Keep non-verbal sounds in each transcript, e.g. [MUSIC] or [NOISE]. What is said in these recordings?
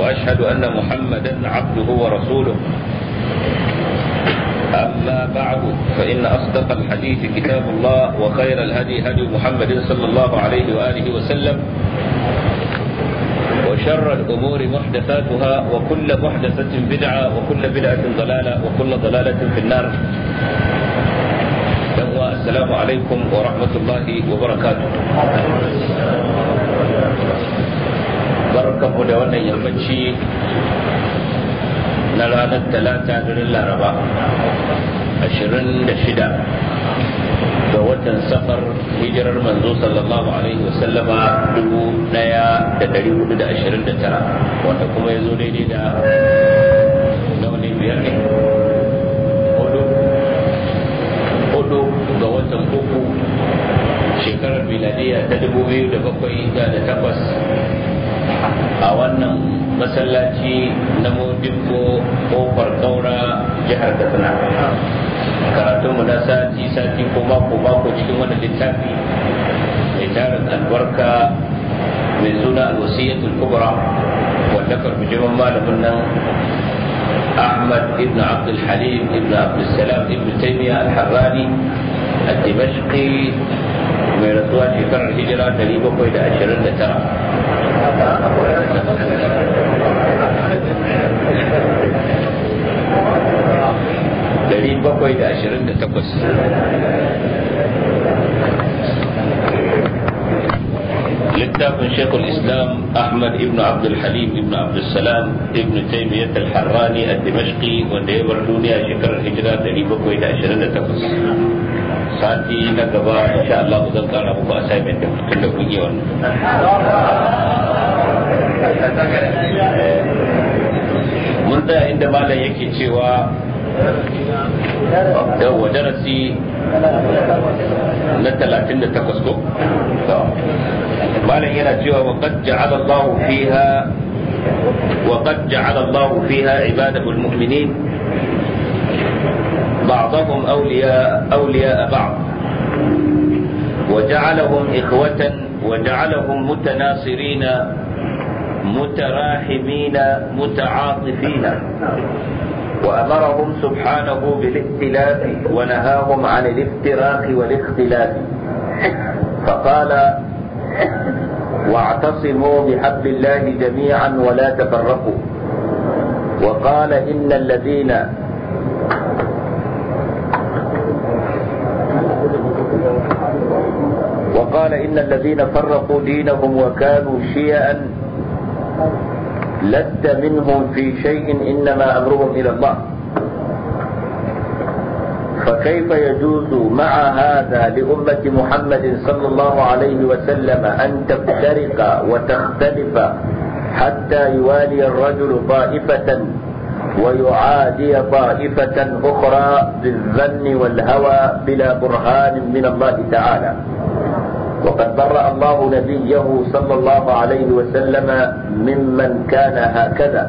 وأشهد أن محمدا عبده ورسوله أما بعد فإن أصدق الحديث كتاب الله وخير الهدي هدي محمد صلى الله عليه وآله وسلم وشر الأمور محدثاتها وكل محدثة بدعة وكل بدعة ضلالة وكل ضلالة في النار السلام عليكم ورحمة الله وبركاته barkamu da wannan yammaci na ranar talata garin laraba 26 ga watan safar hijirar manzo sallallahu alaihi wasallama 1429 wanda kuma ya zo daidai da nauni biyar ne hudu ga watan uku shekarar miladiya ta 2007 da takwas a wannan masallaci na modibbo kofar kaura jihar katsina mu na sati sati ko mako mako cikin wannan littafi mai tarin albarka mai suna alwasiyatul kubra wanda karbijiman malamin nan أحمد بن عبد الحليم بن عبد السلام بن تيمية الحراني الدمشقي mai rasuwa shekarar hijira 729 دليل بقوي ده عشرين تقص للتاب من شيخ الإسلام أحمد ابن عبد الحليم ابن عبد السلام ابن تيمية الحراني الدمشقي ونيبر دونيا شكر الهجرة دليل بقوي ده عشرين تقص ساتي نقبا إن شاء الله بذلك أنا أبو أسايمين كله بقيون mun da inda malam yake cewa yawwa darasi na 38 ko malam yana cewa wa qad ja'ala Allahu fiha wa qad ja'ala Allahu fiha ibadahu almu'minin بعضهم أولياء أولياء بعض وجعلهم إخوة وجعلهم متناصرين متراحمين متعاطفين وأمرهم سبحانه بالاختلاف ونهاهم عن الافتراق والاختلاف فقال واعتصموا بحبل الله جميعا ولا تفرقوا وقال إن الذين وقال إن الذين فرقوا دينهم وكانوا شيئا لست منهم في شيء إنما أمرهم إلى الله فكيف يجوز مع هذا لأمة محمد صلى الله عليه وسلم أن تفترق وتختلف حتى يوالي الرجل طائفة ويعادي طائفة أخرى بالظن والهوى بلا برهان من الله تعالى وقد برأ الله نبيه صلى الله عليه وسلم ممن كان هكذا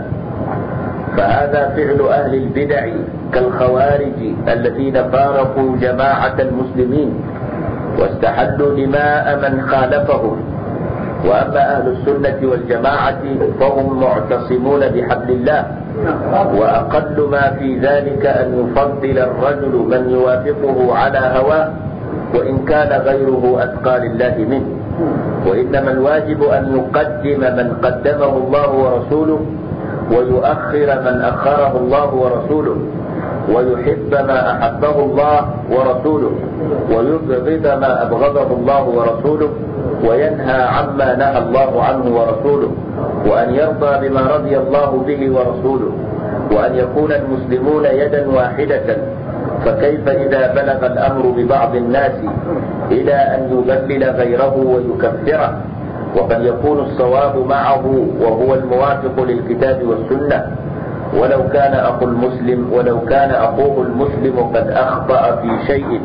فهذا فعل أهل البدع كالخوارج الذين فارقوا جماعة المسلمين واستحلوا دماء من خالفهم وأما أهل السنة والجماعة فهم معتصمون بحبل الله وأقل ما في ذلك أن يفضل الرجل من يوافقه على هواه وإن كان غيره أتقى لله منه وإنما الواجب أن يقدم من قدمه الله ورسوله ويؤخر من أخره الله ورسوله ويحب ما أحبه الله ورسوله ويبغض ما أبغضه الله ورسوله وينهى عما نهى الله عنه ورسوله وأن يرضى بما رضي الله به ورسوله وأن يكون المسلمون يدا واحدة فكيف إذا بلغ الأمر ببعض الناس إلى أن يذلل غيره ويكفره وقد يكون الصواب معه وهو الموافق للكتاب والسنة ولو كان أخو المسلم ولو كان أخوه المسلم قد أخطأ في شيء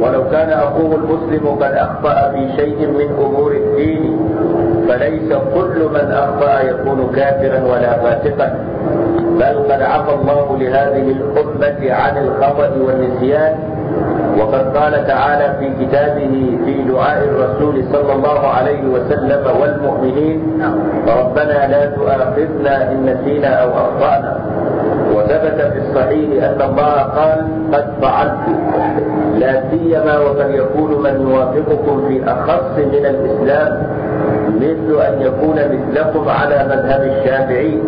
ولو كان أخوه المسلم قد أخطأ في شيء من أمور الدين فليس كل من أخطأ يكون كافرا ولا فاسقا بل قد عفى الله لهذه الأمة عن الخطأ والنسيان وقد قال تعالى في كتابه في دعاء الرسول صلى الله عليه وسلم والمؤمنين ربنا لا تؤاخذنا إن نسينا أو أخطأنا وثبت في الصحيح أن الله قال قد فعلت لا سيما وقد يكون من يوافقكم في أخص من الإسلام مثل أن يكون مثلكم على مذهب الشافعي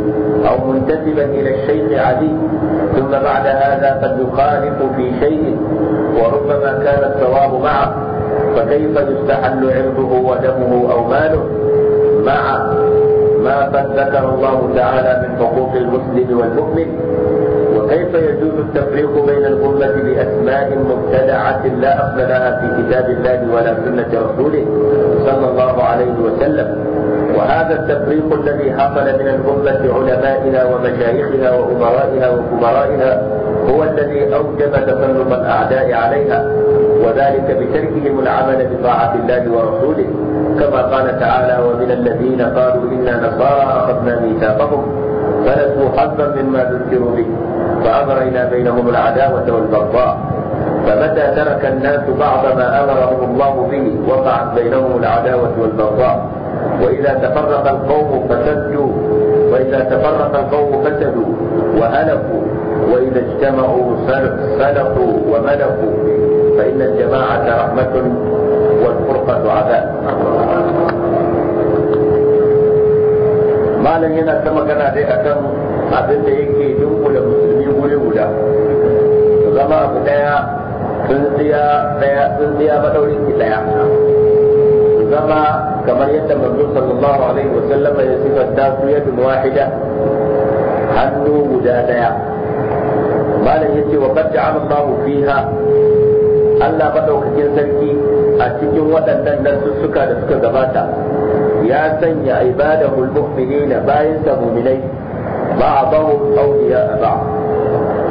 أو منتسبا إلى الشيخ علي ثم بعد هذا قد يخالف في شيء وربما كان الصواب معه فكيف يستحل عرضه ودمه أو ماله مع ما قد ذكر الله تعالى من حقوق المسلم والمؤمن كيف يجوز التفريق بين الأمة بأسماء مبتدعة لا أصل لها في كتاب الله ولا سنة رسوله صلى الله عليه وسلم وهذا التفريق الذي حصل من الأمة علمائنا ومشايخنا وأمرائها وكبرائها هو الذي أوجب تسلط الأعداء عليها وذلك بتركهم العمل بطاعة الله ورسوله كما قال تعالى ومن الذين قالوا إنا نصارى أخذنا ميثاقهم فنسوا حظا مما ذكروا به فأمرينا بينهم العداوة والبغضاء فمتى ترك الناس بعض ما أمرهم الله به وقعت بينهم العداوة والبغضاء وإذا تفرق القوم فسدوا وإذا تفرق القوم فسدوا وهلكوا وإذا اجتمعوا سلقوا وملكوا فإن الجماعة رحمة والفرقة عذاب ما yana ينسى مكان هذه akan abin da yake dunkule guda su zama abu daya tsintsiya daya tsintsiya madaurin ki daya su zama kamar yadda manzo sallallahu alaihi wa sallam ya sifanta su yadun wahida hannu guda daya malam yace wa qad ja'ala Allah fiha Allah madaukakin sarki a cikin waɗannan suka da suka gabata ya sanya ibadahul mu'minina bayan sa mu'minai ba'dahum awliya ba'd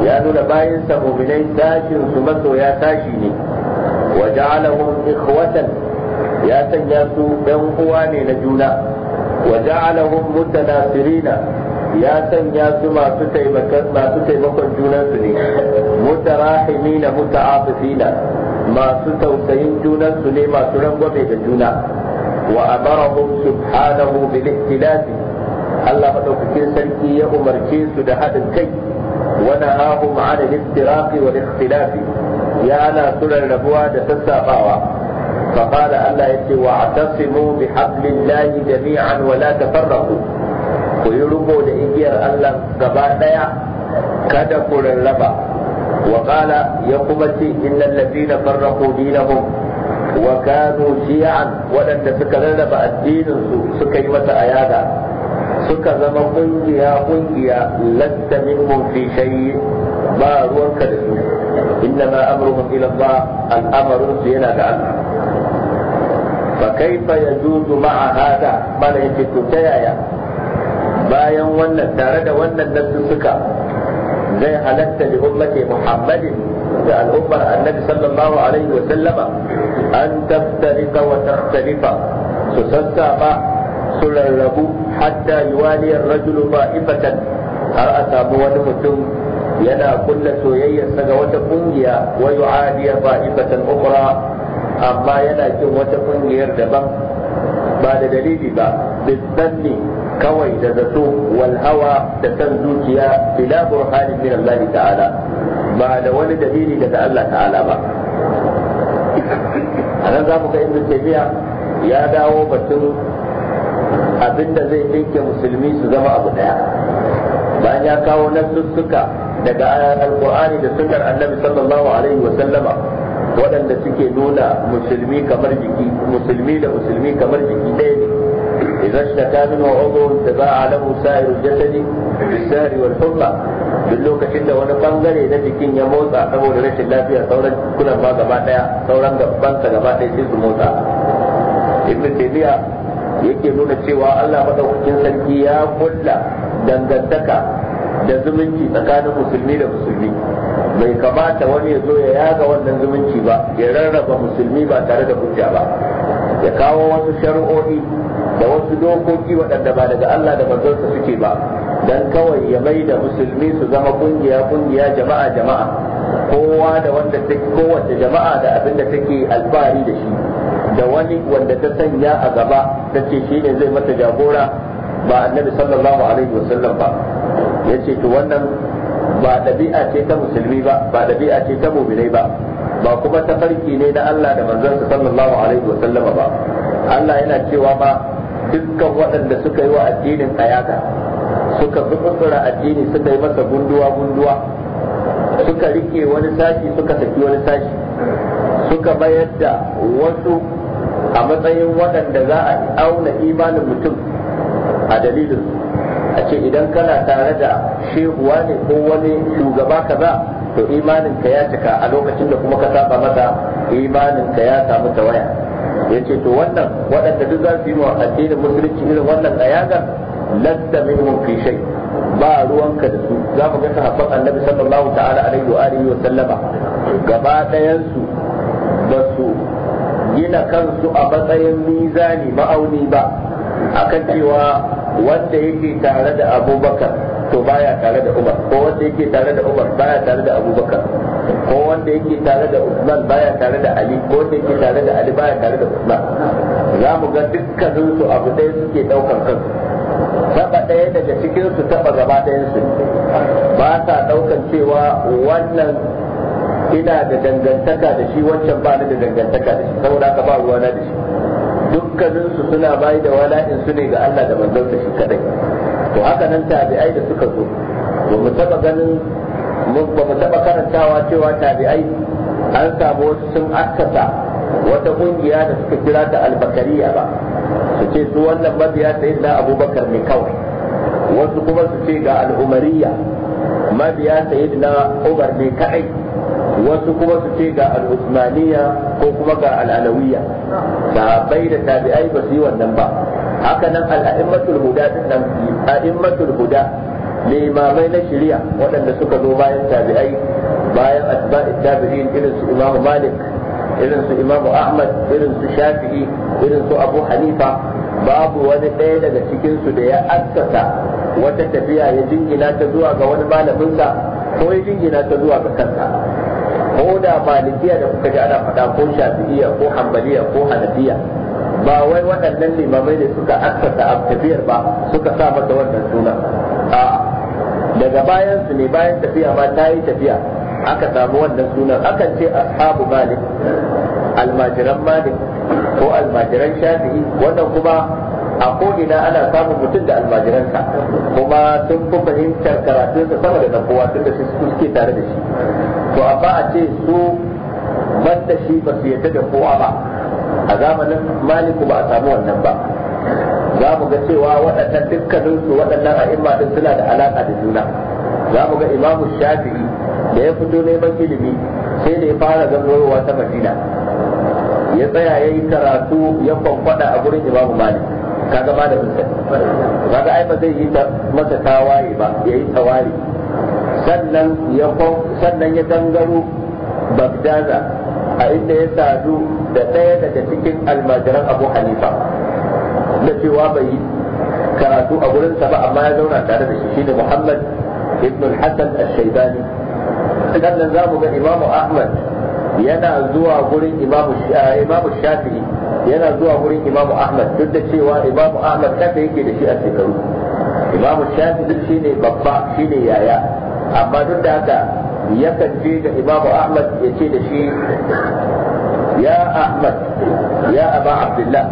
ya nuna bayan sa mu'minai tashin su masoya tashi ne wa ja'alahum ikhwatan ya sanya su ɗan uwa ne na juna wa ja'alahum mutanasirina ya sanya su masu taimakon masu taimakon junansu ne mutarahimina muta'afifina masu tausayin junansu ne masu rangwame da juna wa amarahum subhanahu bil ihtilasi Allah madaukakin sarki ya umarce su da haɗin kai ونهاهم عن الافتراق والاختلاف يا لا سر الربوة تتساقاوا فقال ألا يتي واعتصموا بحبل الله جميعا ولا تفرقوا ويربوا لإجير الله قبائل kada ku rarraba wa ya kuma ce in ladina farraqu dinahum wa kanu shi'an wadanda suka rarraba addininsu suka yi masa ayada suka zama kungiya kungiya lasta minhum fi shay ba ruwanka da su inna ma amruhum ila Allah al'amarin su yana da Allah fa kaifa yajuzu ma'a hada bala yake to tayaya bayan wannan tare da wannan nasu suka zai halatta li ummati muhammadin da al'ummar annabi sallallahu alaihi wa sallama an taftarika wa taftarifa su sassa ba Su rabu hatta yuwali ar-rajul ra'ifatan har a samu wani mutum yana kulla soyayyarsa ga wata kungiya wa yu'adi ra'ifatan ukhra amma yana cin wata kungiyar daban ba da dalili ba bisanni kawai da zato walhawa hawa da san zuciya bila burhanin min Allah ta'ala ba da wani dalili daga Allah ta'ala ba a nan za mu ga ibn ya dawo batun abinda zai ɗinke musulmi su zama abu ɗaya bayan ya kawo nassussuka daga alkur'ani da sunnar annabi sallallahu alaihi wa sallama waɗanda suke nuna musulmi kamar jiki musulmi da musulmi kamar jiki ɗaya ne إذا اشتكى منه عضو تباع له سائر الجسد wal hubba duk lokacin da wani bangare na jikin ya motsa saboda rashin lafiya sauran kulan ma gaba daya sauran gaban gaba daya sai su motsa ibn taymiya yake nuna cewa Allah madaukakin sarki ya kulla dangantaka da zumunci tsakanin musulmi da musulmi bai kamata wani ya zo ya yaga wannan zumunci ba ya rarraba musulmi ba tare da hujja ba ya kawo wasu shari'o'i da wasu dokoki waɗanda ba daga Allah da manzonsa suke ba dan kawai ya mai da musulmi su zama kungiya kungiya jama'a jama'a kowa da wanda take kowace jama'a da abin da take alfahari da shi da wani wanda ta sanya a gaba ta ce shi ne zai mata jagora ba annabi sallallahu alaihi wasallam ba ya ce to wannan ba ɗabi'a ce ta musulmi ba ba ɗabi'a ce ta muminai ba ba kuma tafarki ne na Allah da manzansa sallallahu alaihi wasallama ba Allah yana cewa ba dukkan waɗanda suka yi wa addinin ayata suka tsutsura addini suka yi masa gunduwa gunduwa suka rike wani sashi suka saki wani sashi suka bayar da wasu a matsayin waɗanda za a auna imanin mutum a dalilin a ce idan kana tare da shehuwa ne ko wani shugaba kaza to imanin ka ya cika a lokacin da kuma ka saba masa imanin ka ya samu tawaya ya ce to wannan waɗanda duk za su yi wa addinin musulunci irin wannan ayagar lasta minhum fi shay ba ruwanka da su za mu ga sahabban annabi sallallahu ta'ala alaihi wa alihi wa sallama gaba ɗayan su ba su gina kansu a matsayin mizani ma'auni ba akan cewa wanda yake tare da abubakar to baya tare da umar ko wanda yake tare da umar baya tare da abubakar ko wanda yake tare da usman baya tare da ali ko wanda yake tare da ali baya tare da usman za mu ga dukkaninsu abu ɗaya suke ɗaukar kansu taba ɗaya daga cikinsu taba gaba ɗayansu ba sa ɗaukar cewa wannan ina da dangantaka da shi wancan ba ni da dangantaka da shi saboda haka ba ruwana da shi dukkaninsu suna bai da wala'in su ne ga Allah da manzonsa shi kadai to haka nan tabi'ai da suka zo to mu taba ganin ba mu taba karantawa cewa tabi'ai an samu wasu sun akasa wata kungiya da suka kira ta albakariya ba su ce su wannan mabiya ta sayyidina abubakar ne kawai wasu kuma su ce ga al'umariya mabiya ta sayyidina umar ne kadai wasu kuma su ce ga al-usmaniya ko kuma ga al-alawiyya sahabbai da tabi'ai ba su yi wannan ba haka nan al-a'immatul huda din nan a'immatul huda limamai na shari'a waɗanda suka zo bayan tabi'ai bayan asba'i tabi'in irin su malik irin su imamu ahmad irin su shafi'i irin su abu hanifa babu wani ɗaya daga cikinsu da ya askata wata tafiya ya jingina ta zuwa ga wani malaminsa ko ya jingina ta zuwa ga kansa ko da malikiya da kuka ji ana faɗa ko shafi'iya ko hanbaliya ko hanafiya ba wai waɗannan limamai ne suka assasa a tafiyar ba suka sa masa wannan suna a daga bayan su ne bayan tafiya ba ta yi tafiya aka samu wannan sunan akan ce ashabu malik almajiran malik ko almajiran shafi'i wannan kuma a ko'ina ana samun mutum da almajiransa kuma sun fi fahimtar karatunsa sama da na kowa tun da su suke tare da shi to ba a ce su banda shi ba su yadda da kowa ba a zamanin maliku ba a samu wannan ba za mu ga cewa waɗannan dukkaninsu waɗannan a'imma din suna da alaƙa da juna za mu ga imamu shafi'i da ya fito neman ilimi sai da ya fara gangarowa ta madina ya tsaya ya yi karatu ya kwankwada a gurin imamu malik kaga malamin sa kaga ai ba zai yi masa tawaye ba ya yi tawari sannan ya sannan ya dangaro bagdaza a inda ya sadu da ɗaya daga cikin almajiran abu hanifa da cewa bai yi karatu a gurinsa ba amma ya zauna tare da shi shine muhammad ibn al-hasan al-shaybani sannan za mu ga imamu ahmad yana zuwa gurin eh, imamu shafi'i yana zuwa gurin imamu ahmad duk da cewa imamu ahmad kafa yake da shi a shekaru imamu shafi'i shine babba shine yaya amma duk da haka yakan je da imamu ahmad ya ce da shi ya ahmad ya aba abdullah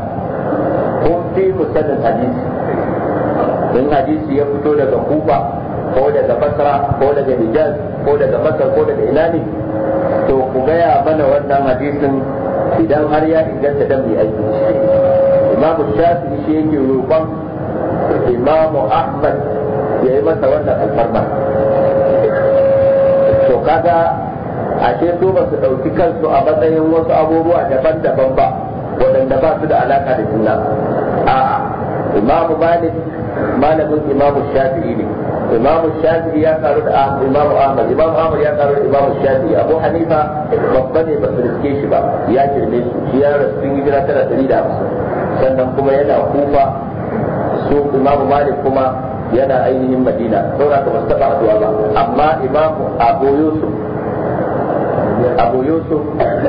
kun fi musanin hadisi in hadisi ya fito daga kufa ko daga basra ko daga hijaz ko daga masar ko daga ina ne to ku gaya mana wannan hadisin idan har ya inganta dan mai aiki imamu shafi'i shi yake roƙon imamu ahmad ya yi masa wannan alfarmar. kaga ashe su ba su ɗauki kansu a matsayin wasu abubuwa daban-daban ba waɗanda ba su da alaka da juna a'a imamu malik malamin imamu shafi'i ne imamu shafi'i ya karu da imamu ahmad imamu ahmad ya karu da imamu shafi'i abu hanifa babba ne ba su riske shi ba ya girme su shi ya rasu sun hijira tara ɗari da hamsin sannan kuma yana kufa su imamu malik kuma yana ainihin madina saboda ka basu taba zuwa ba amma imam abu yusuf abu yusuf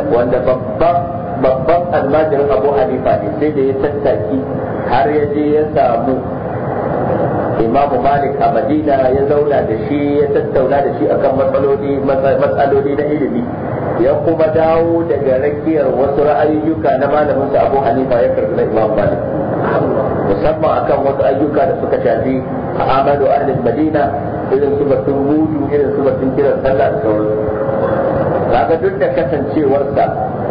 wanda babban babban almajirin abu hanifa ne sai da ya tattaki har ya je ya samu imamu malik a madina ya zauna da shi ya tattauna da shi akan matsaloli matsaloli na ilimi ya kuma dawo daga rakiyar wasu ra'ayyuka na malamin sa abu hanifa ya karɓi na imamu malik musamman akan wasu ayyuka da suka shafi a amadu arnin madina irin su batun hudu irin su batun kiran sallah da sauran kaga duk da kasancewarsa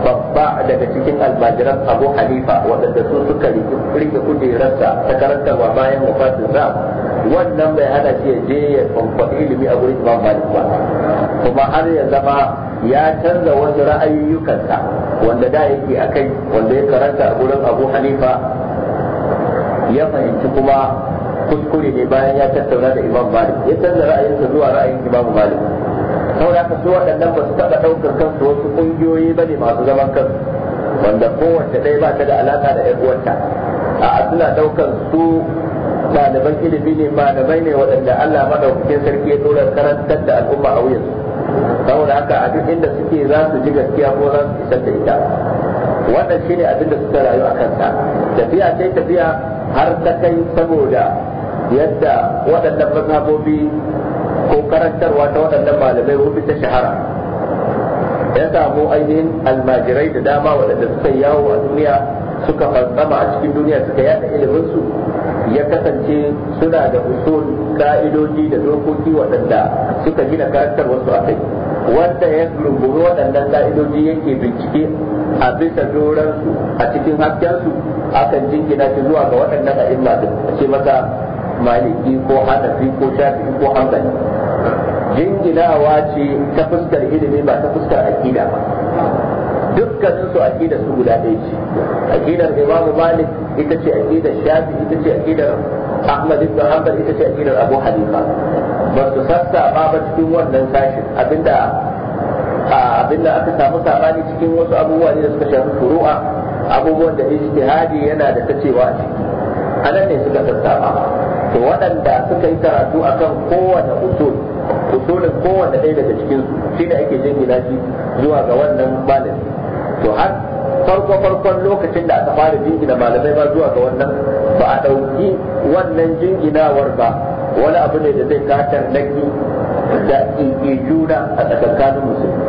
babba daga cikin almajiran abu hanifa waɗanda su suka rike sa ta karanta wa bayan wafatin sa wannan bai hana shi ya je ya kwamfaɗi ilimi a gurin imam malik ba kuma har ya zama ya canza wasu ra'ayoyinsa wanda da yake a kai wanda ya karanta a gurin abu hanifa ya fahimci kuma kuskure ne bayan ya tattauna da imam malik ya canza ra'ayinsa zuwa ra'ayin imam malik saboda ka su waɗannan ba su taɓa ɗaukar kansu wasu ƙungiyoyi ba ne masu zaman kansu wanda kowace ɗaya ba ta da alaƙa da 'yan uwanta. a suna ɗaukar su ɗaliban ilimi ne malamai ne waɗanda Allah madaukakin sarki ya dora karantar da al'umma a wuyan saboda haka a duk inda suke za su ji gaskiya ko za su isar da ita wannan shine abin da suka rayu a kansa tafiya sai tafiya har ta kai saboda yadda waɗannan mazhabobi ko karantarwa ta waɗannan malamai rufi ta shahara ya samu ainihin almajirai da dama waɗanda suka yawo a duniya suka fantsama a cikin duniya suka yada iliminsu ya kasance suna da usul ka'idoji da dokoki waɗanda suka gina karantar wasu akai wanda ya rubuta waɗannan ka'idoji yake bincike a bisa doransu a cikin haskensu akan jingina shi zuwa ga waɗannan a'imma din ce maka maliki ko hanafi ko shafi'i ko hanbali jinginawa ce ta fuskar ilimi ba ta fuskar aqida ba dukkanin su aqida su guda ɗaya ce aqidar imam malik ita ce aqidar shafi ita ce aqidar ahmad ibn hanbal ita ce aqidar abu hanifa ba su sassa ba ba cikin wannan sashin abinda abinda aka samu sabani cikin wasu abubuwa ne da suka shafi furu'a abubuwan da ijtihadi yana da tacewa ne. ciki anan ne suka sassa ba to waɗanda suka yi karatu akan kowane usul usulin kowane ɗaya daga cikin su shi da ake jingina shi zuwa ga wannan malami to har farko farkon lokacin da aka fara jingina malamai ba zuwa ga wannan ba a ɗauki wannan jinginawar ba wani abu ne da zai katar naki da ƙiƙi juna a tsakankanin musulmi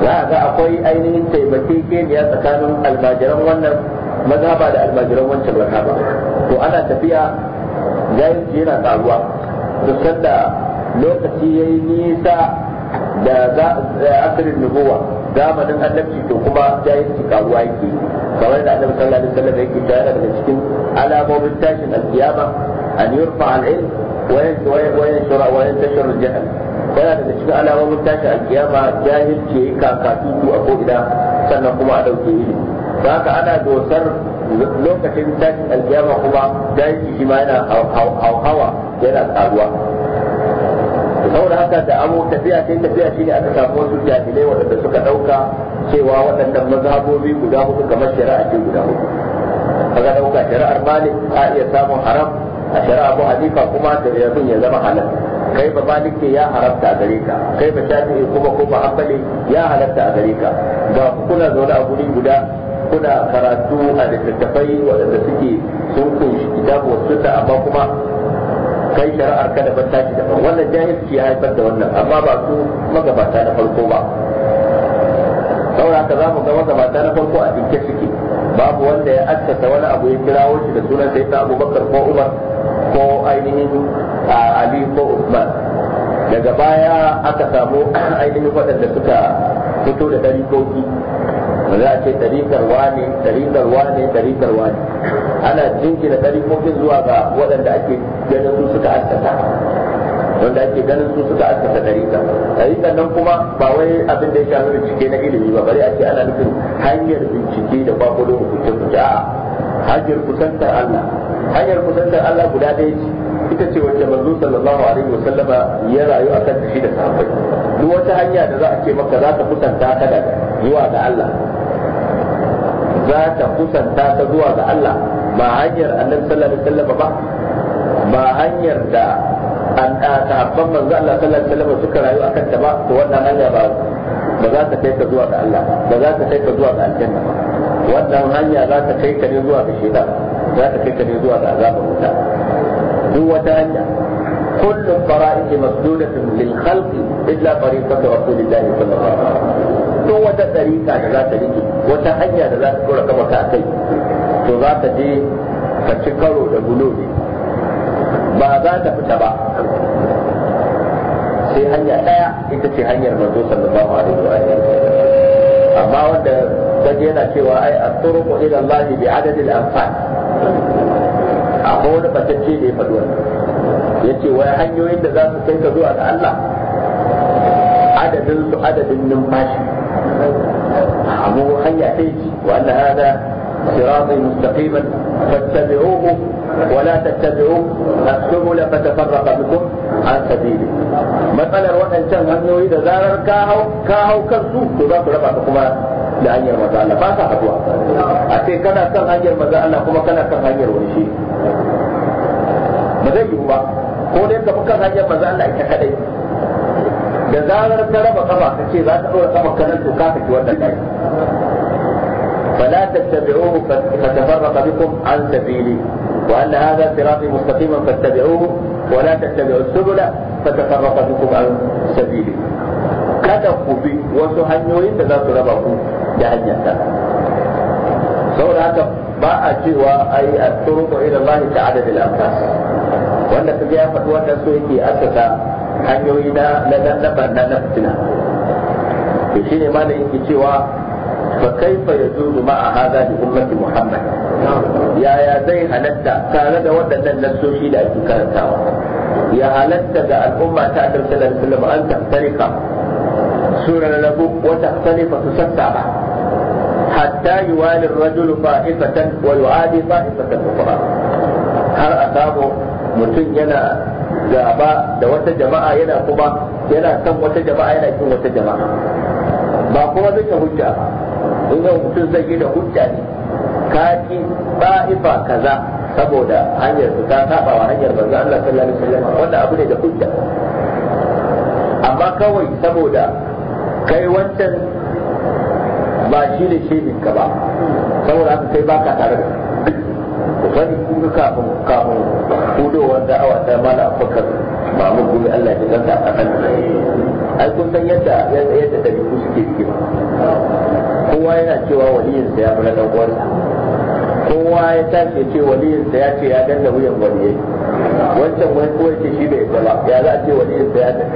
za a ga akwai ainihin taimakekeniya tsakanin almajiran wannan mazhaba da almajiran wancan ba. to ana tafiya jahilci yana karuwa duk sanda lokaci ya yi nisa da asirin nubuwa zamanin annabci to kuma jahilci karuwa yake kamar da annabi sallallahu alaihi wasallam yake cewa daga cikin alamomin tashin alkiyama an yurfa al-ilm wayan yanshura wa yantashir al-jahl yana daga cikin alamomin tashin alkiyama jahilci yayi kakatutu a ko ina sannan kuma a dauke ba ka ana dosar lokacin tashin aljama kuma jahilci shi ma yana hauhawa yana karuwa saboda haka da abu tafiya sai tafiya shine aka samu wasu jahilai waɗanda suka ɗauka cewa waɗannan mazhabobi guda hudu kamar shari'a ce guda hudu kaga ɗauka shari'ar malik a iya samun haram a shari'a abu hanifa kuma da yanzu ya zama halal kai ba ke ya haramta a gare ka kai ba shafi'i kuma ko ba hanbali ya halatta a gare ka ba kuna zaune a guri guda kuna karatu a littattafai waɗanda suke sun kunshi kitabu wasu da amma kuma kai shari'ar ka da tashi daban wannan jahilci ya haifar da wannan amma ba su magabata na farko ba saboda haka za mu ga magabata na farko a dinke suke babu wanda ya assasa wani abu ya kirawo shi da sunan sai ta abubakar ko umar ko ainihin ali ko usman daga baya aka samu [CLEARS THROAT] ainihin waɗanda suka fito da ɗari ba za a ce ɗari wane ne ɗari ɗariƙar ne ana jinkina ɗariƙokin zuwa ga waɗanda ake ganin su suka askata wanda ake ganin su suka assasa ɗariƙa ɗariƙar nan kuma ba wai abin da ya shafi bincike na ilimi ba bari a ce ana nufin hanyar bincike da kwakwalo hukunce ku a'a hanyar kusantar Allah hanyar kusantar Allah guda ɗaya ce ita ce wacce manzo sallallahu alaihi wasallama ya rayu akan shi da sahabbai duk wata hanya da za a ce maka za ka kusanta ka da zuwa ga Allah za ta kusanta ta zuwa ga Allah ba hanyar annabi sallallahu alaihi wasallam ba ba hanyar da an ta sahabban manzo Allah sallallahu alaihi wasallam suka rayu akan ta ba to wannan hanya ba ba za ta kai ka zuwa ga Allah ba za ta kai ka zuwa ga aljanna ba wannan hanya za ta kai ka ne zuwa ga shaitan za ta kai ka ne zuwa ga azabun wuta duk wata hanya كل الفرائض مسدودة للخلق إلا طريقة رسول الله صلى الله عليه وسلم هو ده طريقة لا تريد wata hanya da za ka kora kama ka kai to za ka je ka ci karo da bulo ne ba za ta fita ba sai hanya ɗaya ita ce hanyar manzo sallallahu alaihi wa amma wanda kaje yana cewa ai at-turuqu ila Allah bi adad al-anfal akwai wani batacce da ya faɗi wannan yace wai hanyoyin da za su kai ka zuwa ga Allah adadin su adadin numfashi أبو حياتي وأن هذا صراطي مستقيما فاتبعوه ولا تتبعوا السبل فتفرق بكم عن سبيله matsalar waɗancan hanyoyi da zarar ka hau kansu to za su raba ka kuma da hanyar maza Allah ba sa a ce kana kan hanyar maza Allah kuma kana kan hanyar wani shi ba zai yiwu ba ko dai ka kan hanyar maza Allah ita kadai فلا تتبعوه فتفرق بكم عن سبيلي وأن هذا صراطي مستقيما فاتبعوه ولا تتبعوا السبل فتفرق بكم عن سبيلي كذا في وسهنيين لا تربكم جهنم سورة ما أجوا أي الطرق إلى الله تعدد الأنفاس وأن تجاه فتوى تسويكي أسفا hanyoyi na na barna na fitina to shine ma da yake cewa fa kaifa yajuzu ma hadha li ummati muhammad yaya zai halatta tare da waɗannan nassoshi da ake karantawa ya halatta ga al'umma ta annabi sallallahu alaihi wasallam an tafsirka surar rabu wa tafsirka su sassaba hatta yuwali ar-rajulu fa'ifatan wa yu'adi fa'ifatan ukhra har a samu mutum yana gaba da wata jama'a yana kuma yana san wata jama'a yana kin wata jama'a ba kuma zai hujja in ga mutum zai yi da hujja ne ka ki ba'ifa kaza saboda hanyar su ta saba wa hanyar manzo Allah sallallahu alaihi wasallam wanda abu ne da hujja amma kawai saboda kai wancan ba shi ne shehin ka ba saboda haka kai baka tare da wani kuka kafin kafin budowar da'awa ta mala fakar mamu gumi Allah ya kasa a kan ai kun san yadda yadda dabi'u suke ciki kowa yana cewa sa ya fi na dan kowa ya tashi ce sa ya ce ya danna wuyan waliyai wancan wani kowai ce shi bai ba ya za a ce sa ya danna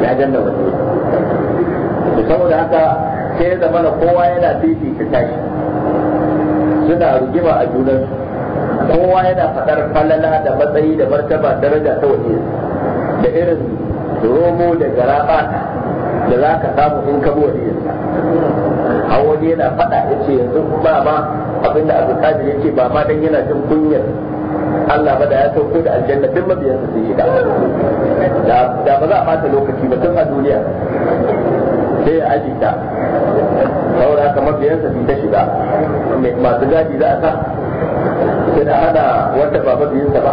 ya danna waliyai saboda haka sai ya zama kowa yana ta tashi suna rigima a junansu kowa yana faɗar falala da matsayi da martaba daraja ta waje da irin romo da garaba da za ka samu in ka bi waliyinsa a wani yana faɗa ya ce yanzu ba ma abinda abu kajin ya ce ba ma dan yana jin kunyar Allah ba da ya sauko da aljanna duk mabiyansa sun shiga da ba za a bata lokaci ba tun a duniya sai ya ajiye ta saboda haka mabiyansa sun ta shiga masu gadi za a sa sai da ana wata baba da ta ba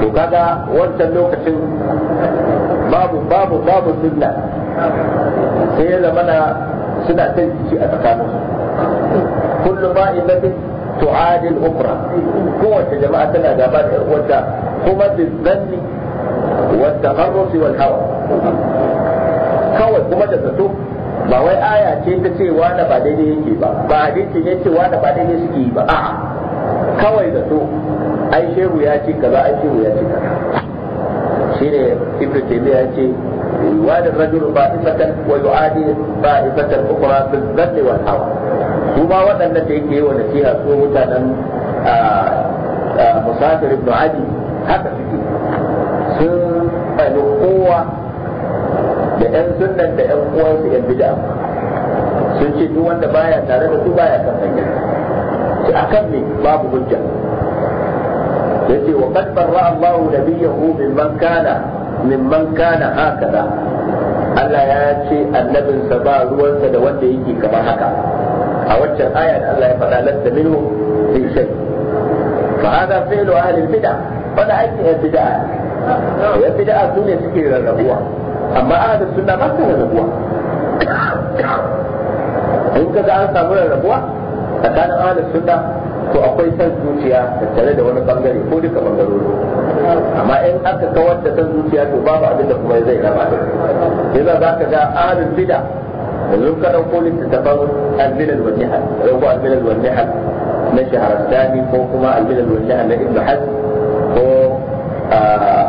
to kaga wancan lokacin babu babu babu sunna sai ya zama suna tantance a tsakanin kullum ba in nafi tu'adil ukra kowace jama'a tana gaba da wata kuma bizanni wata karrosi wal hawa kawai kuma da zato ba wai aya ce ta ce wada ba daidai yake ba ba hadisin ya ce wada ba daidai suke yi ba a kawai da to ai shehu ya ce kaza ai shehu ya ce kaza shine ibnu taymiya ya ce wada rajul ba ifatan wa yuadi ba ifatan ukra bil zann wal hawa su ba wadannan da yake wa nasiha su mutanen ah, ah, musafir ibnu adi haka suke da yan sunan da yan uwansu yan bid'a sun ce duk wanda baya tare da su baya kan hanya shi kan ne babu hujja ce wa qad barra Allahu min mimman kana mimman kana haka da Allah ya ce annabinsa ba ruwansa da wanda yake kamar haka a waccan aya da Allah ya faɗa lasta minhu fi shai fa hada fi'lu ahli bida fa da aiki bid'a ya bid'a sune suke rarrabuwa amma ahli suna ba ta rabuwa in ka ga an samu rabuwa tsakanin ahli suna to akwai san zuciya tattare da wani bangare ko duka bangarori amma in aka kawar da san zuciya to babu abin da kuma zai raba yana za ka ga ahli bid'a yanzu ka ɗauko littattafan albilal wani nihal ɗauko albilal wani nihal na shahararstani ko kuma albilal wani nihal na ibn hazm ko ah,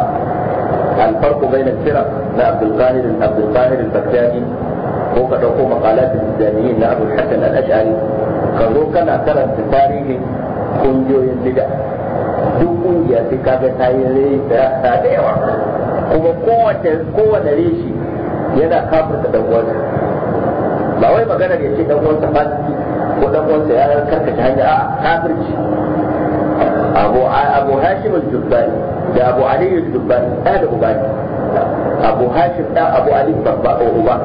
alfarko na sirar na abdulkahir abdulkahir al-baghdadi ko ka dauko maqalat jamiin na abul hasan al-ash'ari ka zo kana karanta tarihin kungiyoyin bid'a duk kungiya sai ga ta yi da da yawa kuma kowace kowane reshi yana kafirta dan uwansa ba wai magana ya ce dan uwansa fasiki ko dan uwansa ya karkace hanya a kafirci abu abu hashim al-jubbani da abu ali al-jubbani da ubani abu hashim ɗan abu ali babba uba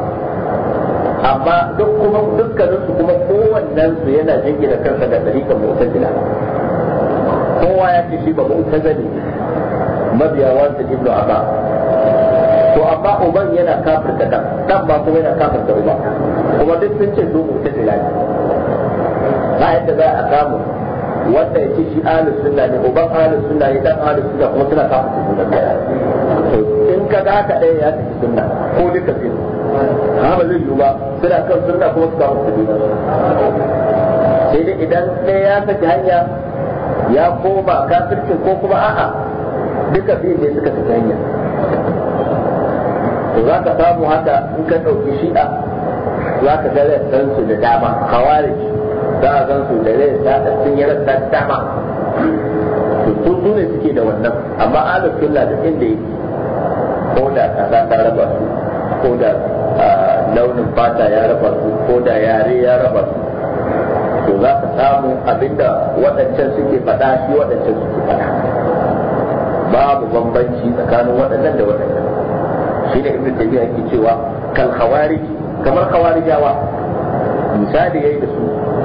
amma duk kuma dukkanin su kuma kowannen su yana da kansa da dariƙar mu'tazila kowa ya ce shi ba mu'tazili mabiya wanda ibnu abba to abba uban yana kafirta dan dan ba kuma yana kafirta uba kuma duk sun ce su mu'tazila ne ba yadda za a kama, wanda ya ce shi ahlus sunna ne uban ahlus sunna ne dan ahlus sunna kuma suna kafirta su ka ga ka ɗaya ya tafi sunna ko duka biyu amma ba zai yiwu ba da kan sunna kuma su kawo su sai dai idan ɗaya ya saki hanya ya koma kafircin ko kuma a'a duka biyu ne suka saki hanya to za ka samu haka in ka ɗauki shi'a za ka ga su da dama khawarij za a san su da ta da sun yi rassan dama to su ne suke da wannan amma ahlus sunna da inda yake ko da kasa ta raba su ko da launin fata ya raba su ko da yare ya raba su to za ka samu abinda waɗancan suke faɗa shi waɗancan suke faɗa babu bambanci tsakanin waɗannan da waɗannan shi da ibn tabi'a yake cewa kal khawarij kamar khawarijawa misali yayi da su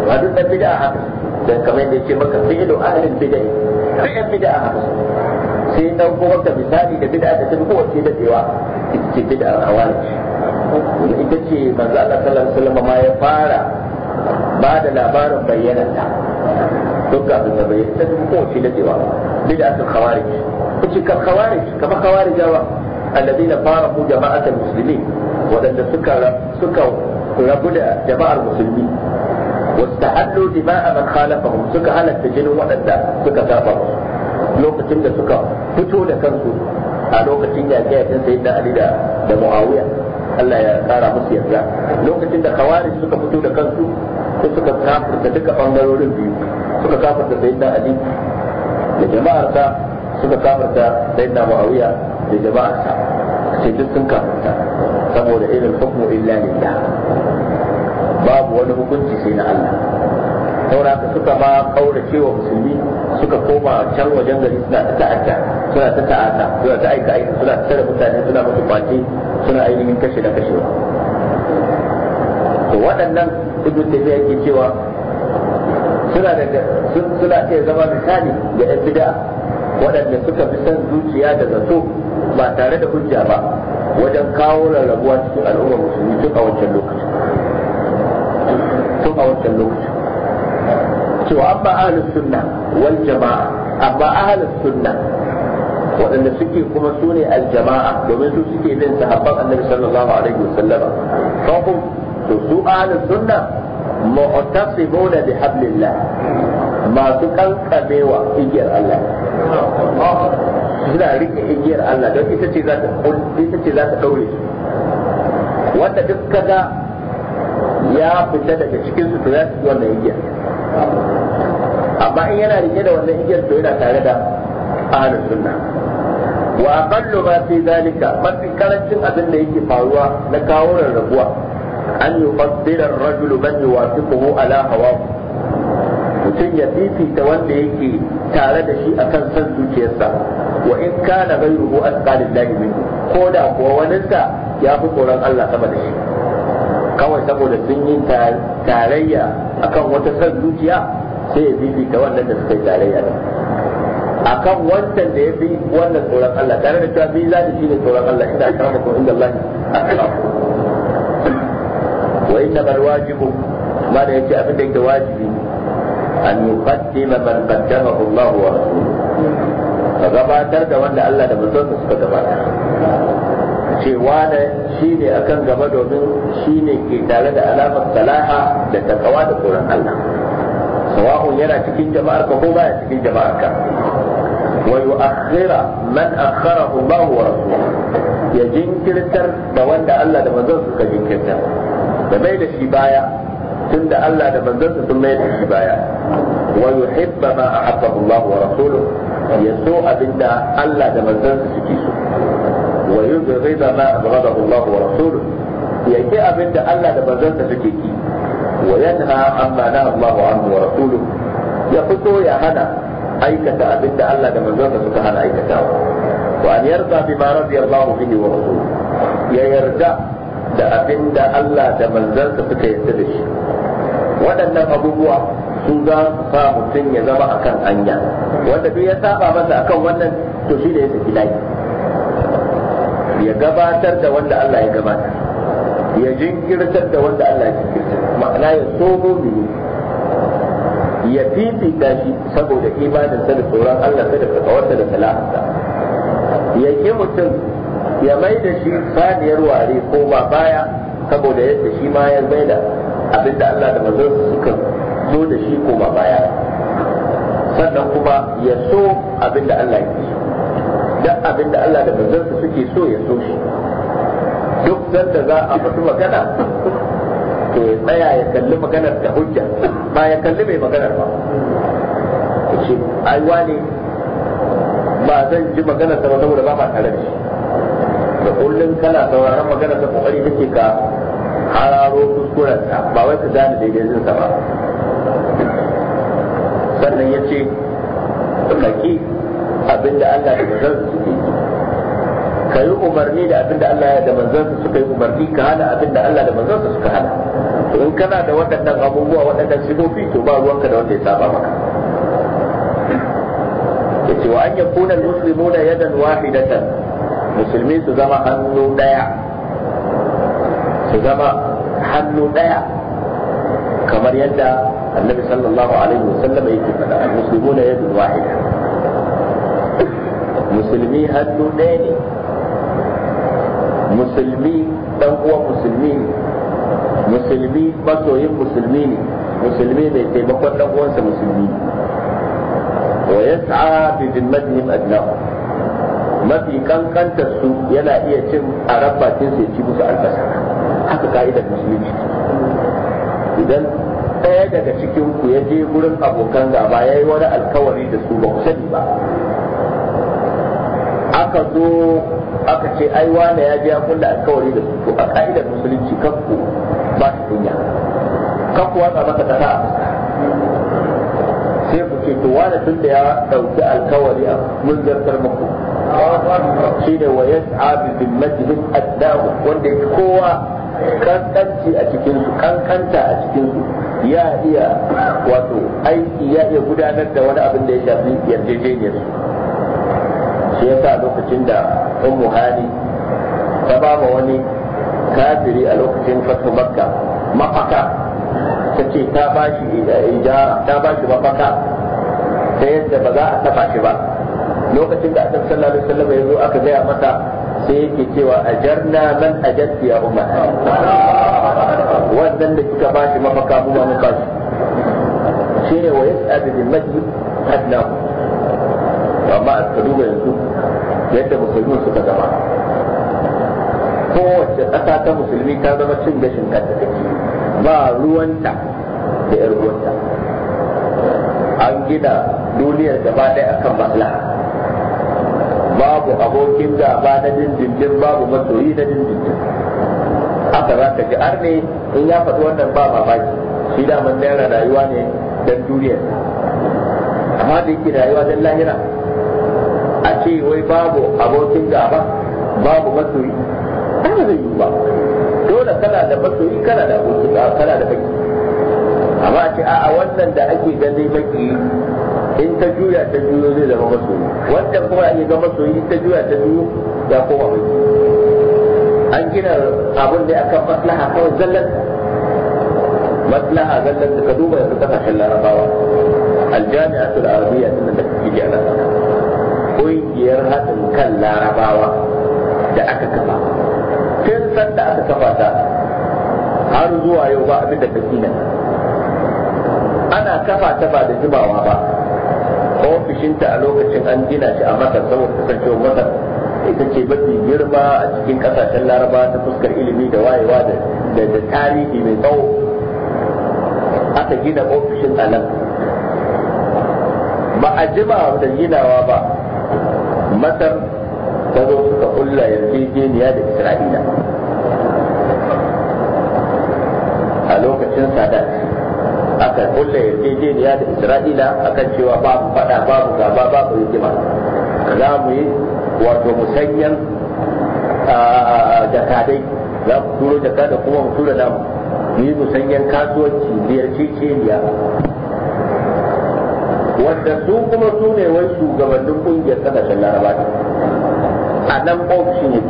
ba duk da bid'a haka dan kamar yadda yake maka fi'lu ahlil bid'a fi'l bid'ah haka sai na gogon ta misali da bid'a da tafi kowace da cewa ce bid'a a wani ita ce manzo Allah sallallahu alaihi ma ya fara ba da labarin bayyanar ta duk ga abin da bayyana ta tafi kowace da cewa bid'a sun kawari kuci ka kawari kama kawari jawa alladina fara ku jama'atul muslimin wadanda suka suka rabu da jama'ar musulmi wasta hallu dima'a man khalafahum suka halatta jinin wadanda suka saba lokacin da suka fito da kansu a lokacin yaƙe-yaƙen sai da ali da muawiya Allah ya kara musu yarda lokacin da kawari suka fito da kansu sai suka kafirta duka bangarorin biyu suka kafirta da ali da ta suka kafirta da muawiya da ta sai duk sun kafirta saboda irin hukmu illa lillah babu wani hukunci sai na Allah saura ka suka ba kaura cewa musulmi suka koma can wajen gari suna ta ta'adda suna ta ta'adda suna ta aika aika suna ta tare mutane suna musu kwace suna ainihin kashe da kashewa to waɗannan ibn tafiya yake cewa suna daga suna iya zama misali ga yan bid'a waɗanda suka fi son zuciya da zato ba tare da hujja ba wajen kawo rarrabuwa cikin al'ummar musulmi tun a wancan lokacin tun a wancan lokacin ce amma ahlus sunna wal jama'a amma ahlus sunna waɗanda suke kuma su ne aljama'a domin su suke bin sahabban annabi sallallahu alaihi wasallama fahum to su ahlus sunna mu'tasimuna bi hablillah masu kankamewa igiyar Allah suna rike igiyar Allah don ita ce za ta ita ce za ta daure wanda duk kaga ya fita daga cikin su to ya ci wannan igiyar amma in yana rike da wannan igiyar to yana tare da ahlus sunna wa aqallu ma fi zalika mafi karancin abin da yake faruwa na kawo rarrabuwa an yufaddila ar-rajulu man yuwafiquhu ala hawahu mutum ya ta wanda yake tare da shi akan san zuciyarsa wa in kana ghayruhu asqalillahi min ko da kuwa waninsa ya fi tsoron Allah sama da shi kawai saboda sun yi tarayya akan wata san zuciya sai ya bibita wannan da suka yi tarayya da akan wancan da ya bi wannan tsoron Allah tare da cewa bi zani shine tsoron Allah inda aka rama ko inda Allah wa inna bar wajibu ma da yace abin da yake wajibi an yuqaddima man qaddamahu Allah wa rasuluhu ka gabatar da wanda Allah da manzonsa suka gabata cewa da shi ne akan gaba domin shi ne ke tare da alamar salaha da takawa da tsoron Allah sawa'un yana cikin jama'ar ka ko baya cikin jama'ar ka wa yu'akhkhira man akharahu Allah wa rasuluhu ya jinkirtar da wanda Allah da manzon suka jinkirta da bai da shi baya tunda Allah da manzon sun mai da shi baya wa yuhibba ma ahabbahu Allah wa rasuluhu ya so abinda Allah da manzon suke so wa yubghida ma abghadahu Allah wa rasuluhu ya ki abinda Allah da manzon suke ki وينهى عما نهى الله عنه ورسوله يفتو يا هنا أيكة أبد ألا دمزوك سكهان أيكة وأن يرضى بما رضي الله به ورسوله يا يرجع da abin da Allah da manzansa suka yarda da shi waɗannan abubuwa su za su sa mutum ya zama akan anya wanda duk ya saba masa a kan wannan to shi da ya tafi layi ya gabatar da wanda Allah ya gabatar ya jinkirtar da wanda Allah ya ma'ana ya sobo biyu ya fifita shi saboda sa da tsoron Allah da takawarsa da salahansa ya ƙi mutum ya mai da shi saniyar ware ko ba baya saboda yadda shi ma ya mai da abinda Allah da mazan suka zo da shi ko ba baya sannan kuma ya so abinda Allah ya shi, duk abinda Allah da mazan suke so ya so shi duk da za a fasu magana to ya tsaya ya kalli maganar da hujja ba ya kalli mai maganar ba ce ai wane ba zan ji maganar ba saboda ba ma tare da shi da kullum kana sauraron maganar ta kokari take ka hararo kuskuren ta ba wai ka gane daidai zin ba sannan ya ce kaki abinda Allah da manzon su suke yi ka yi umarni da abinda Allah da manzon su suka yi umarni ka hana abinda Allah da manzon su suka hana in kana da waɗannan abubuwa waɗannan sifofi to ba ruwanka da wanda ya saba maka yace wa an yakuna almuslimuna yadan wahidatan musulmi su zama hannu ɗaya. su zama hannu ɗaya kamar yadda annabi sallallahu alaihi wasallam yake faɗa almuslimuna yadan wahida musulmi hannu daya ne musulmi dan uwan musulmi ne musulmi masoyin musulmi ne musulmi mai taimakon dan uwansa musulmi wa yas'a bi dhimmatihim adna mafi kankantar su yana iya cin arabatin sai ci musu albasa haka ka'idar musulmi idan ɗaya daga cikin ku ya je gurin abokan gaba ya yi wani alkawari da su ba ku sani ba aka zo aka ce ai wane ya je ya da alkawari da su to a ka'idar musulunci kanku. ba su kunya ka kuwa maka ta a sai ku ce to wani tun da ya dauki alkawari a mun zartar muku shi ne wa yas'a bin zimmatihi addahu wanda kowa kankanci a cikinsu kankanta a su, ya iya wato aiki ya iya gudanar da wani abin da ya shafi yarjejeniyar su shi yasa lokacin da ummu hali ta ba wani kafiri a lokacin fatu makka mafaka ta ce ta ba shi ta ba shi mafaka ta yadda ba za a taba shi ba lokacin da annabi sallallahu alaihi wasallam ya zo aka gaya mata sai yake cewa ajarna man ajarti ya umma wannan da kika ba shi mafaka kuma mun ba shi shine wa yas'adu bil masjid adnahu amma a duba yanzu yadda musulmi suka zama kowace ƙasa ta musulmi ta zama cin gashin kanta take ba ruwanta da yar ruwanta an gina duniyar gaba ɗaya akan maslaha babu abokin gaba na jinjin babu masoyi na jinjin haka za ka ji arne in ya faɗi wannan ba mamaki shi daman naira rayuwa ne don duniyar amma da yake rayuwa don lahira a ce wai babu abokin gaba babu masoyi ba zai yi ba dole kana da masoyi kana da ba kana da baki amma a ce wannan da ake ganin baki in ta juya ta juyo zai zama masoyi kuma ake ga masoyi in ta juya ta juyo ya koma baki an gina da maslaha kawai zallan maslaha zallan ka duba yanzu larabawa aljami'atul arabiyya din da kake ji kungiyar haɗin kan larabawa da aka kafa tun da aka kafa ta har zuwa yau ba abin da ta ana kafa ta ba da jimawa ba ofishinta a lokacin an gina shi a masar saboda kasancewa masar ita ce mafi girma a cikin kasashen laraba ta fuskar ilimi da wayewa da tarihi mai tsawo aka gina ofishin a nan ba a jima da ginawa ba masar ta zo suka kulla yarjejeniya da isra'ila aka kulle ya da isra'ila akan cewa babu fada babu gaba babu rigima za mu yi wato musanyan jakadai za mu turo jaka da kuma mu tura namu mu yi musanyan kasuwanci biyar ciceniya wanda su kuma su ne wai shugabannin kungiyar kasashen laraba a nan ofishin ne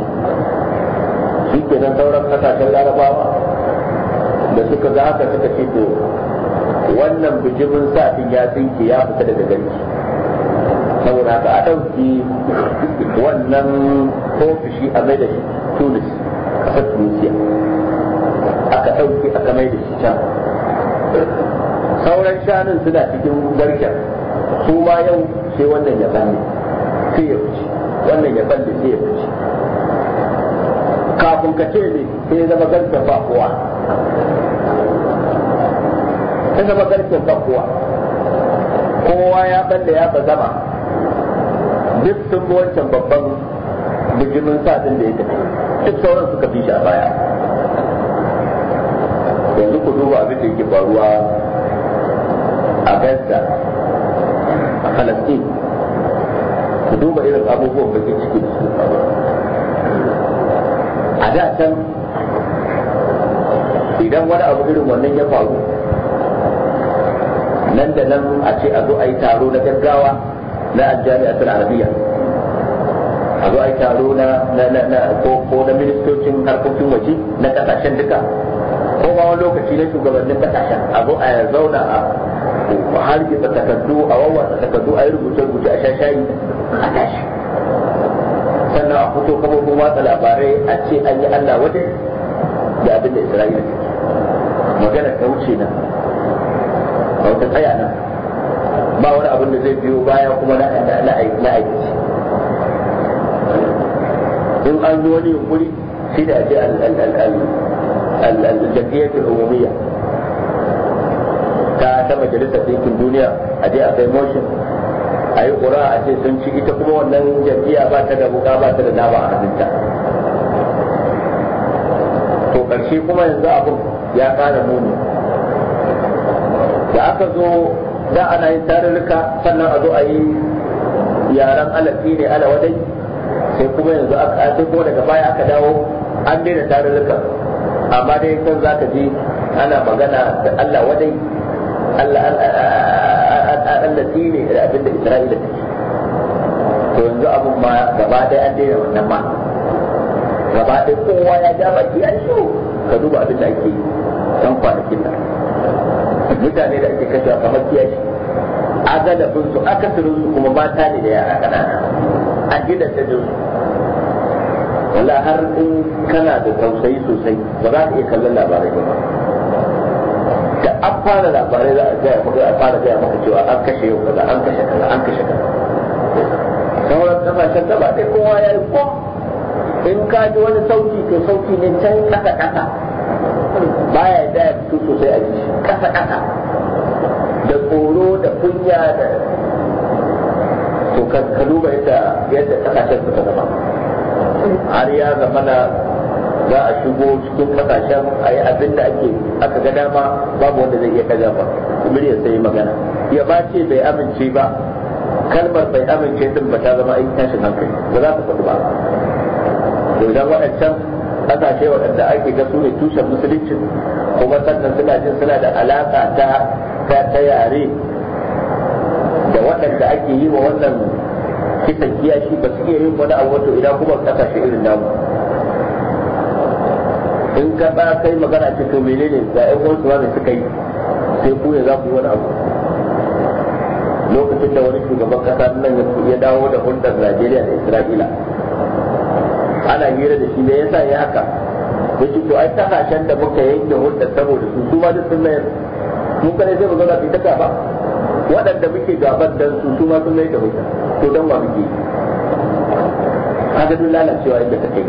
shi ke nan sauran kasashen larabawa da suka ga haka suka ce to wannan bijimin satin ya tsinke ya fita daga gari saboda ba a ɗauki wannan ofishi a mai da shi tunis ƙasar tunisiya aka ɗauki aka mai da shi can sauran shanun suna cikin garken su ma yau sai wannan ya balle sai ya fice wannan ya balle sai ya fice kafin ka ce ne sai zama garken ba kowa ta zama garken kan kowa kowa ya balle ya bazama duk sun bi wancan babban bijimin sa'adin da ya tafi duk sauran suka fi shi a baya yanzu ku duba abin da yake faruwa a gaza a falastin ku duba irin abubuwan da ke cikin su a da can idan wani abu irin wannan ya faru nan da nan a ce a zo a yi taro na gaggawa na aljami'atul arabiya a zo a yi taro na ko na ministocin harkokin waje na kasashen duka ko ma wani lokaci na shugabannin kasashen a zo a zauna a harki da takardu a wawwatsa takardu a yi rubuce-rubuce a shashayi a tashi sannan a fito kuma watsa labarai a ce an yi allah wajen da abin da isra'ila magana ta wuce nan ba ta tsaya nan ba wani abin da zai biyo baya kuma na aikaci in an zo wani yunkuri shi da ake al-jam'iyyar umumiyya ta ta majalisar ɗinkin duniya a je a kai motion a yi ƙura a ce sun ci ita kuma wannan jam'iyya ba ta da buka ba ta da nama a hannunta to ƙarshe kuma yanzu abin ya ƙara muni da aka zo da ana yin tarurruka sannan a zo a yi yaren alaƙi ne ala wadai sai kuma yanzu aka sai kuma daga baya aka dawo an daina tarurruka amma dai kan za ka ji ana magana da Allah wadai Allah Allah ne da abin da Isra'ila take to yanzu abun ma gaba ɗaya an daina wannan ma gaba ɗaya kowa ya ja baki an ka duba abin da ake yi kan kwanakin nan mutane da ake kashewa kamar kiyashi a galabin su akasarin su kuma mata ne da yara kanana a gidan da jinsu wala har in kana da tausayi sosai ba za ka iya kallon labarai ba da an fara labarai za a gaya maka a fara gaya maka cewa an kashe yau kaza an kashe kaza an kashe kaza sauran kasashen ba ɗaya kowa ya yi ko in ka ji wani sauki to sauki ne can kasa kasa baya da ya fito sosai a ji kasa kasa da tsoro da kunya da to ka duba yadda yadda kasashen suka zama har ya zama na za a shigo cikin kasashen a yi abin da ake aka ga dama babu wanda zai iya kaza ba miliyan sai magana ya ba ce bai amince ba kalmar bai amince din ba ta zama aiki tashin hankali ba za ka faɗi ba to idan waɗancan ƙasashe waɗanda ake ga su ne tushen musulunci kuma sannan suna jin suna da alaka ta ta yare da waɗanda ake yi wa wannan kisan kiyashi ba su iya yin wani abu wato idan kuma kasashe irin namu in ka ba kai magana ce to menene ga ƴan uwansu ma suka yi sai ku ya za ku wani abu lokacin da wani shugaban kasa nan ya dawo da hulɗar Najeriya da Isra'ila ana hira da shi ne yasa ya haka yace to ai kasashen da muka yanke hulɗa saboda su su ma duk sun mayar mun kare sai mu bi fi taka ba waɗanda muke gaban dan su su ma sun mayar da hulɗa to dan wa muke kaga duk lalacewa inda ta kai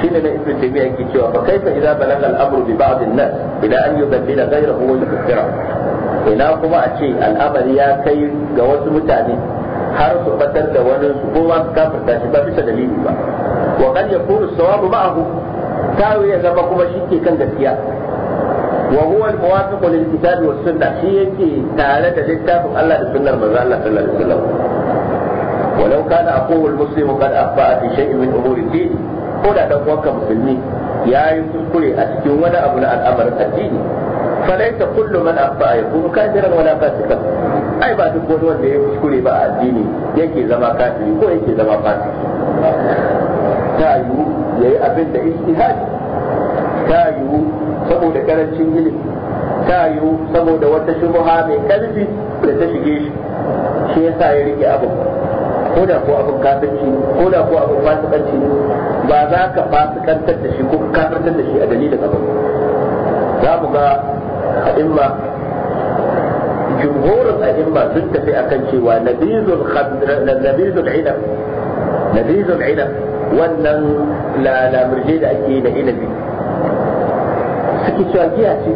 shine na ibnu taymiya yake cewa fa kaifa idza balagha al-amru bi ba'd an-nas ila an yubaddila ghayrahu wa yukaffira ina kuma a ce al'amari ya kai ga wasu mutane har su fatar da wani su kuma su kafirta shi ba bisa dalili ba wa kan yakunu sawabu ma'ahu dawo ya zama kuma shi ke kan gaskiya wa huwa al-muwafiq lil kitabi was sunnah shi yake tare da littafin Allah da sunnar manzo Allah sallallahu alaihi wasallam ولو كان أخوه المسلم قد أخطأ في شيء من أمور الدين ko da dan uwanka musulmi ya yi kuskure a cikin wani abu na al'amarin addini falaita kullu man akhta ya kuma kafiran wala fasikan ai ba duk wani wanda ya kuskure ba a addini yake zama kafiri ko yake zama fasiki ta yi yayi abin da ijtihadi karancin ilimi ta yiwu saboda wata shubha mai karfi da ta shige shi shi yasa ya rike abu ko da ko abin kafirci ko da ko abin fasikanci ba za ka fasikantar da shi ko ka kafirtar da shi a dalilin abin za mu ga a'imma jumhurin a'imma sun tafi akan cewa nabizul nabizul ilm nabizul ilm wannan lamurje da ake na inabi suke cewa giya ce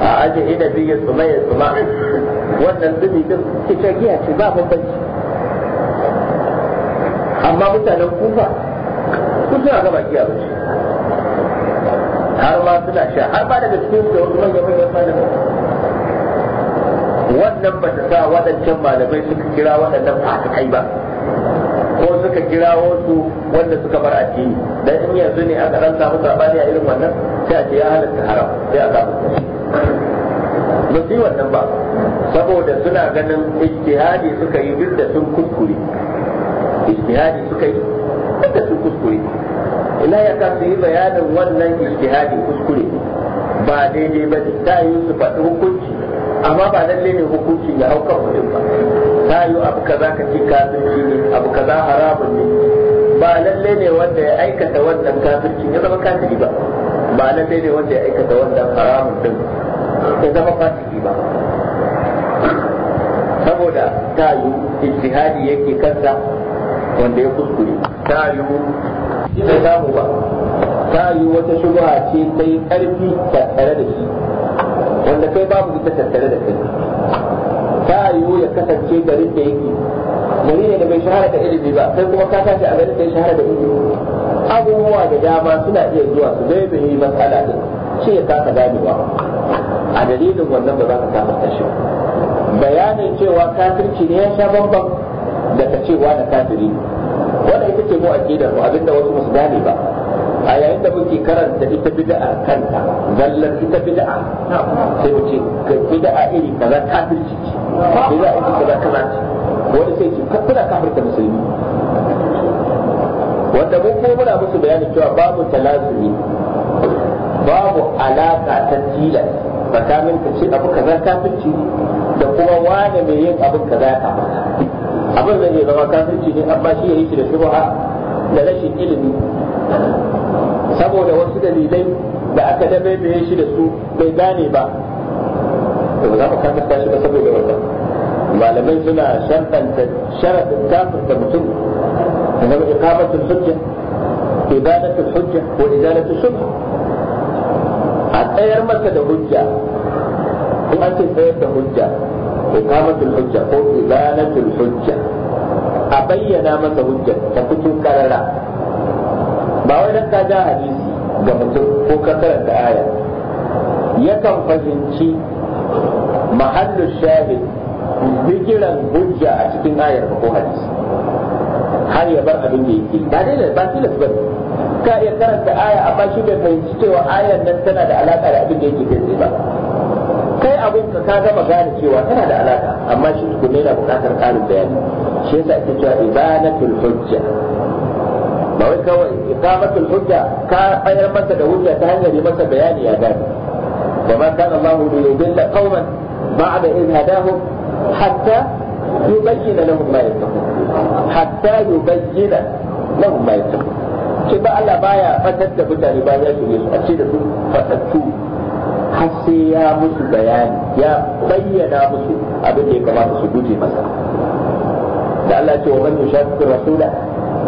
a ina inabi su tsuma ya suma wannan zubi din suke cewa giya ce ba bambanci amma mutanen kufa su suna gaba giya ba ce har ma suna sha har ma daga cikin su da wasu manyan manyan malamai wannan ba ta sa waɗancan malamai suka kira waɗannan fasikai ba ko suka kira wasu wanda suka bar a ciki dan in yanzu ne aka dan samu sabani a irin wannan sai ya halatta haram sai a samu ba su yi wannan ba saboda suna ganin ijtihadi suka yi duk da sun kuskure ijtihadi suka yi duk da sun kuskure ina ya kasu yi bayanin wannan ijtihadi kuskure ba daidai ba ne ta yi su faɗi hukunci amma ba lalle ne hukunci ya hauka mutum ba ta yi abu kaza ka ci kafirci ne abu kaza haramun ne ba lalle ne wanda ya aikata wannan kafirci ya zama kafiri ba ba lallai ne wanda ya aikata wannan haramun din ya zama fasiki ba saboda ta yi ijtihadi yake kansa wanda ya kuskure ta yi bai samu ba ta yi wata shubha ce mai karfi tattare da shi wanda kai babu ita tattare da kai ta yi ya kasance garin da yake gari ne da bai shahara da ilimi ba sai kuma ka tashi a garin da ya shahara da ilimi abubuwa da dama suna iya zuwa su zai matsala din shi ya kasa ganewa a dalilin wannan ba za ka samu tashi bayanin cewa kafirci ne ya sha bambam da ka cewa na kafiri wanda ita ce mu aqidar mu abinda wasu musu gane ba a yayin da muke karanta ita bid'a kanta zallar ita bid'a sai mu ce bid'a iri kaza kafirci ce bid'a iri kaza kaza ce wani sai ce kuna kafirta musulmi wanda mun kuma muna musu bayani cewa babu talasumi babu alaka ta tilas tsakanin ka ce abu kaza kafirci da kuma wane mai yin abin kaza ya kafirta abin zai iya zama kafirci ne amma shi ya yi shi da shubha da rashin ilimi saboda wasu dalilai da aka dabe bai shi da su bai gane ba to za mu kafirta shi ba saboda wannan malamai suna sharɗanta sharaɗin kafirta mutum إنما إقامة الحجة إبانة الحجة وإزالة الشبهة أتأير مكة الحجة إن أنت تأير الحجة إقامة الحجة أو إبانة الحجة أبين مكة حجة تكتو كرلا ba wai dan ka ja hadisi ga mutum ko ka karanta aya yakan fahimci mahallu shahid bigiran hujja a cikin ayar ko hadisi har ya bar abin da yake ba dai ba da ba ka iya karanta aya amma shi bai fahimci cewa ayar nan tana da alaka da abin da yake kai ba kai abin ka ka gama gane cewa tana da alaka amma shi tukunne yana bukatar karin bayani shi yasa ake cewa ibanatul hujja ba wai kawai ikamatul hujja ka bayar masa da hujja ta hanyar yi masa bayani ya gane wa ma kana Allahu liyudilla qauman ba'da in hadahu hatta yubayyana lahum ma yattaqun hatta yubayyana lahum ma yattaqun ce ba Allah baya fatar da mutane ba ya shirye su a ce da su fatattu har sai ya musu bayani ya bayyana musu abin da ya kamata su guje masa da Allah ce wa man yushaqqi rasula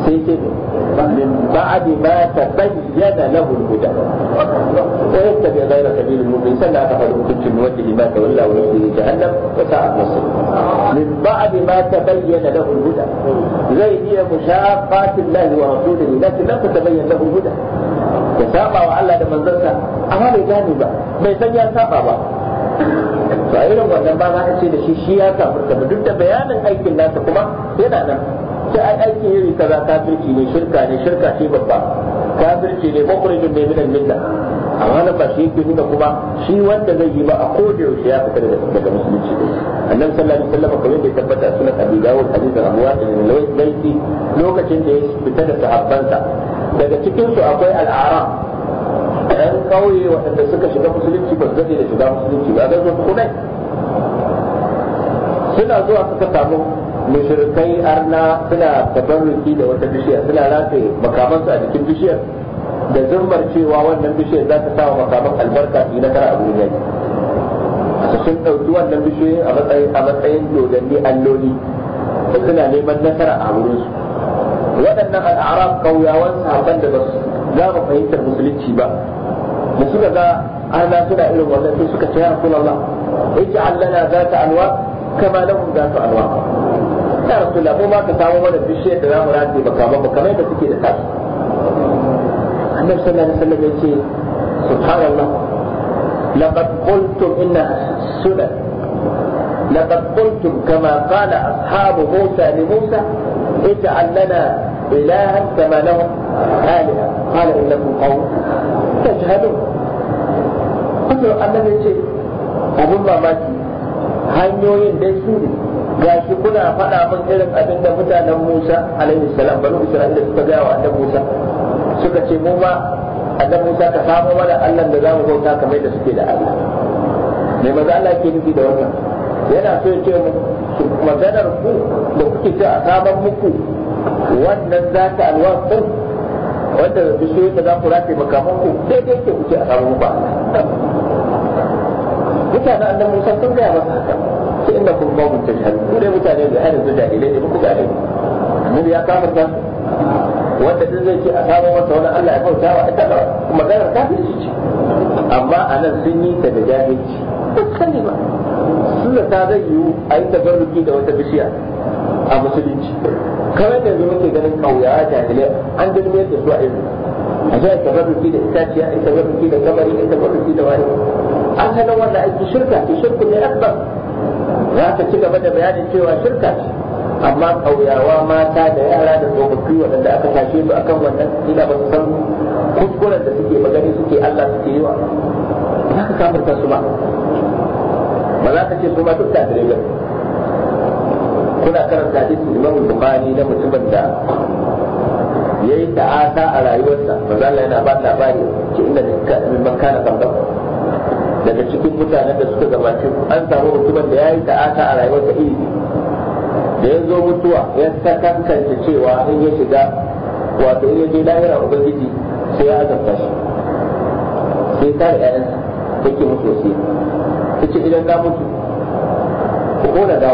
sai ce min ba'di ma tabayyana lahu al-huda wa yattabi ghayra sabili al-mu'min sanna aka faɗi hukuncin wanda ma tawalla wa yusbihu jahannam wa sa'at masir min ba'di ma tabayyana lahu al-huda zai iya mushaqqatin lahi wa rasulihi lakin lam tatabayyana lahu al-huda ya saba wa Allah da manzansa amma bai gane ba bai san ya saba ba to a irin wannan ba za ka ce da shi shi ya kafirta ba duk da bayanin aikin nasa kuma yana nan ce ai aiki iri kaza kafirci ne shirka ne shirka ce babba kafirci ne mukhrijun ne min al-milla amma nan ba shi yake nuna kuma shi wanda zai yi ba a koda yaushe ya fita daga musulunci ne annabi sallallahu alaihi wasallam kamar ya tabbata sunan abi dawud hadisin abu wa'id bin laisi lokacin da ya fita da sahabbansa daga cikin su akwai al-arab dan kauye waɗanda suka shiga musulunci ba su da shiga musulunci ba ga zo kunai suna zuwa suka samu mushrikai arna suna tabarruki da wata bishiya suna rafe makamansu a jikin bishiyar da zumbar cewa wannan bishiyar za ta sawa makaman albarka su na kara a gurin yaki sun ɗauki wannan bishiyoyi a matsayin a dodanni alloli da suna neman nasara a wurinsu waɗannan al'arab kauyawan sahabban da basu za mu fahimtar musulunci ba da suka ga ana suna irin wannan sai suka ce ya rasulullah allana za ta alwa kama lahum zata alwa ya rasulullah ko ma ka samu mana bishiyar da zamu rati makamanmu kamar da suke da tasu annabi sallallahu alaihi wasallam ya ce subhanallah laqad qultum inna sunan laqad qultum kama qala ashabu musa li musa اجعل لنا إلها كما لهم آلهة قال إنكم قوم تجهلون قلت له النبي ce abun mamaki hanyoyin dai su ne gashi kuna faɗa min irin abin da mutanen Musa alaihi salam banu Isra'ila suka gaya wa annabi Musa suka ce mu ba annabi Musa ka samu mana Allah da zamu bauta kamar da suke da Allah me maza Allah ke nufi da wannan yana so ya ce mu maganar ku da kuke ta a saman muku wannan za ta alwasir wanda da su yadda za ku rafe makaman ku dai ke kuke a saman muku Allah mutanen annabi Musa sun gaya masa haka ce inna kun qawmun tajhalun ku dai mutane da har yanzu jahilai ne ba ku gane annabi ya kafarta wanda duk zai ce a samu masa wani Allah ya bauta wa ita maganar kafirci ce amma a nan sun yi ta da jahilci ba sani ba sun da ta zai yiwu a yi tabarruki da wata bishiya a musulunci kamar da yanzu muke ganin kauyawa jahilai an girme da su a irin a zai tabarruki da itaciya a yi tabarruki da kamari a yi tabarruki da wani an sanar wanda aiki shirka ke shirku ne akbar za ka ci gaba da bayanin cewa shirka ce amma ƙauyawa mata da yara da tsofaffi waɗanda aka tashe su akan wannan ina ba su san kuskuren da suke magani suke Allah suke yi wa za ka kafarta su ba ba za ka ce su ma duk da ba kuna karanta da Imam Bukhari na mutumin da yayi ta'ata a rayuwarsa manzo Allah yana ba labari ce inda dukkan man kana kan daga cikin mutanen da suka gabace an samu mutumin da ya yi ta'ata a ta iri da ya zo mutuwa ya kankanta cewa in ya shiga wato in ya je lahira ubangiji sai ya azabta shi sai ta yayan yake mutu sai ta ce idan ka mutu ku kona ta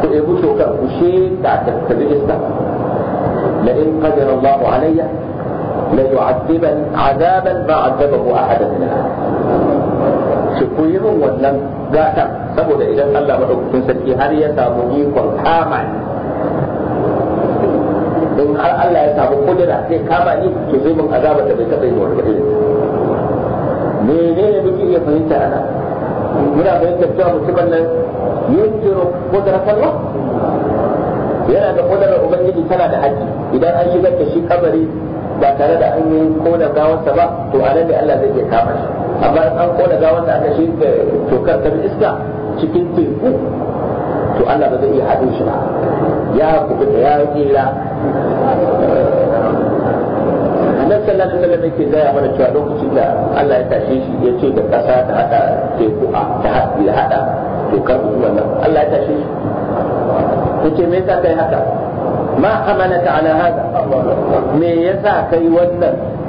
ku ɗebi tokar ku sheka ta tabi iska la in qadara Allahu alayya la yu'adhiban 'adaban ma 'adzabahu ahadan min al ce ko yi min wannan gata saboda idan Allah madaukakin sarki har ya samu ikon kama ni in har Allah ya samu kudura sai kama ni to zai min azaba da bai taɓa yi ne ne menene muke iya fahimta ana muna fahimtar cewa mutumin nan yunkiru kudurar Allah yana da kudura ubangiji tana da haƙƙi idan an shigar da shi kabari ba tare da an yi ko da gawarsa ba to a nan ne Allah zai iya kama shi amma an kona gawar da aka shi da tokar ta iska cikin teku to Allah ba zai iya haɗin shi ba ya da ya tsira annabi sallallahu alaihi wasallam ke zaya mana cewa lokacin da Allah ya tashe shi ya ce da ƙasa ta hada teku a ta hada hada tokar zuwa nan Allah ya tashe shi yace mai ta kai haka ma amanata ala hada me yasa kai wannan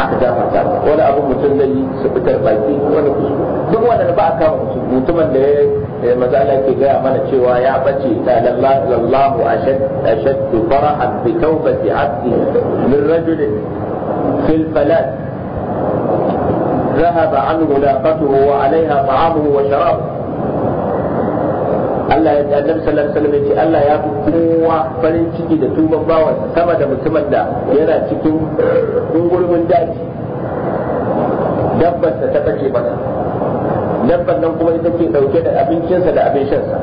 aka gafarta ba wani abu mutum zai yi su fitar baki wani kuskure duk wanda ba a kama mutumin da ya mazala ke gaya mana cewa ya bace ta lallahu ashaddu farahan bi tawbati abdi min rajulin fil falat ذهب عنه ناقته وعليها طعامه وشرابه Allah ya annabi sallallahu alaihi wasallam ya ce Allah ya fi kowa farin ciki da tuban bawa sama da mutumin da yana cikin kungurumin daji dabbar ta take masa dabbar nan kuma ita ke dauke da abincinsa da abin shansa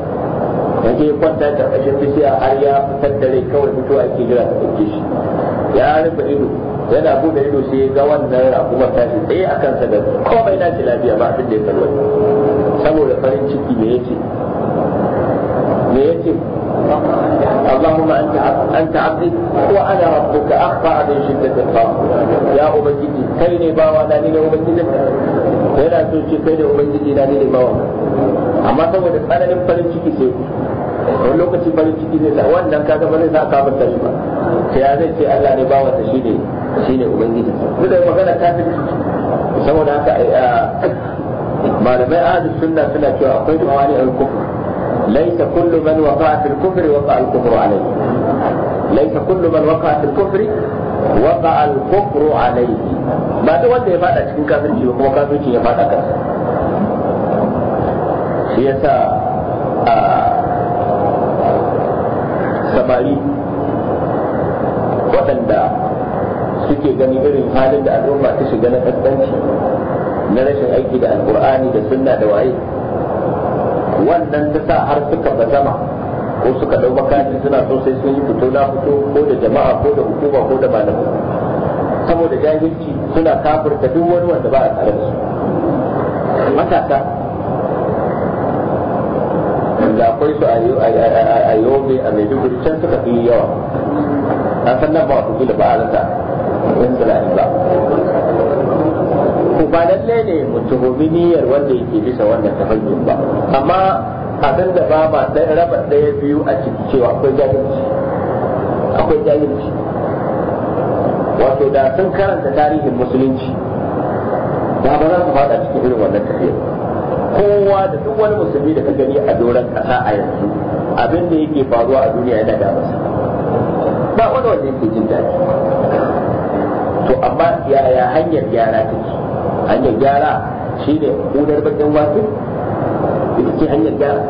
da ke kwanta ta ƙarshen bishiya har ya fitar da rai kawai mutuwa ke jira ta ɗauke shi ya rufe ido yana bude ido sai ga wannan rakumar ta shi tsaye a kansa da komai na shi lafiya ba abin da ya kalwai saboda farin ciki da yake me yace اللهم انت انت عبدي وانا ربك اخفى من شده الخوف يا ubangiji kai ne bawa na ni ne ubangiji yana so ce kai ne ubangiji na ni ne bawa amma saboda tsananin farin ciki sai wani lokaci farin ciki zai sa wannan kaga ba zai sa ka bar shi ba sai ya zai ce Allah ne bawa ta da saboda malamai ahlus sunna suna cewa akwai du'a a al ليس كل من وقع في الكفر وقع الكفر عليه ليس كل من وقع في الكفر وقع الكفر عليه ba wanda ya fada cikin kafirci ba kuma kafirci ya fada a samari waɗanda suke gani irin halin da al'umma ta shiga na na rashin aiki da alƙur'ani da sunna da waye wannan ta sa har suka bazama ko suka dau makaji suna so sai sun yi fito na fito ko da jama'a ko da hukuma ko da malamu saboda jahilci suna kafirta duk wani wanda ba a tare da su matasa da akwai su a yobe a maiduguri can suka fi yawa na san nan ba wata kila ba a rasa yan ba ba lalle ne mu niyyar wanda yake bisa wannan tafarkin ba amma abin da ba ma ɗaya raba ɗaya biyu a ciki cewa akwai jahilci akwai jahilci wato da sun karanta tarihin musulunci da ba za su fada cikin irin wannan tafiyar kowa da duk wani musulmi da ka gani a doron kasa a yanzu abin da yake faruwa a duniya yana da masa ba wani wanda yake jin daɗi to amma yaya hanyar gyara take hanyar gyara shi ne ƙunar bakin wasu ita ce hanyar gyara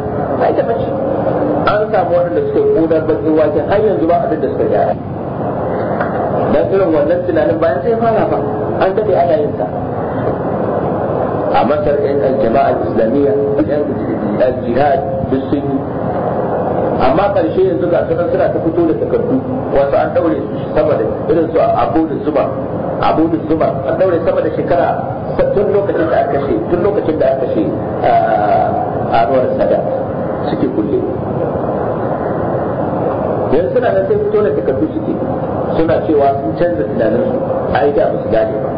ita ba bace an samu waɗanda suka ƙudar bakin wasu har yanzu ba abin da suka gyara dan irin wannan tunanin bayan sai fara ba an daɗe ana yin sa a masar yan jama'a islamiyya yan jihad duk sun yi amma karshe yanzu ga su suna ta fito da takardu wasu an daure su sama da irin su abu da zuba abu da zuba an daure sama da shekara tun lokacin da aka kashe tun lokacin da aka kashe a ruwan sada suke kulle yanzu suna nan sai fito da takardu suke suna cewa sun canza tunaninsu ai da ba su gane ba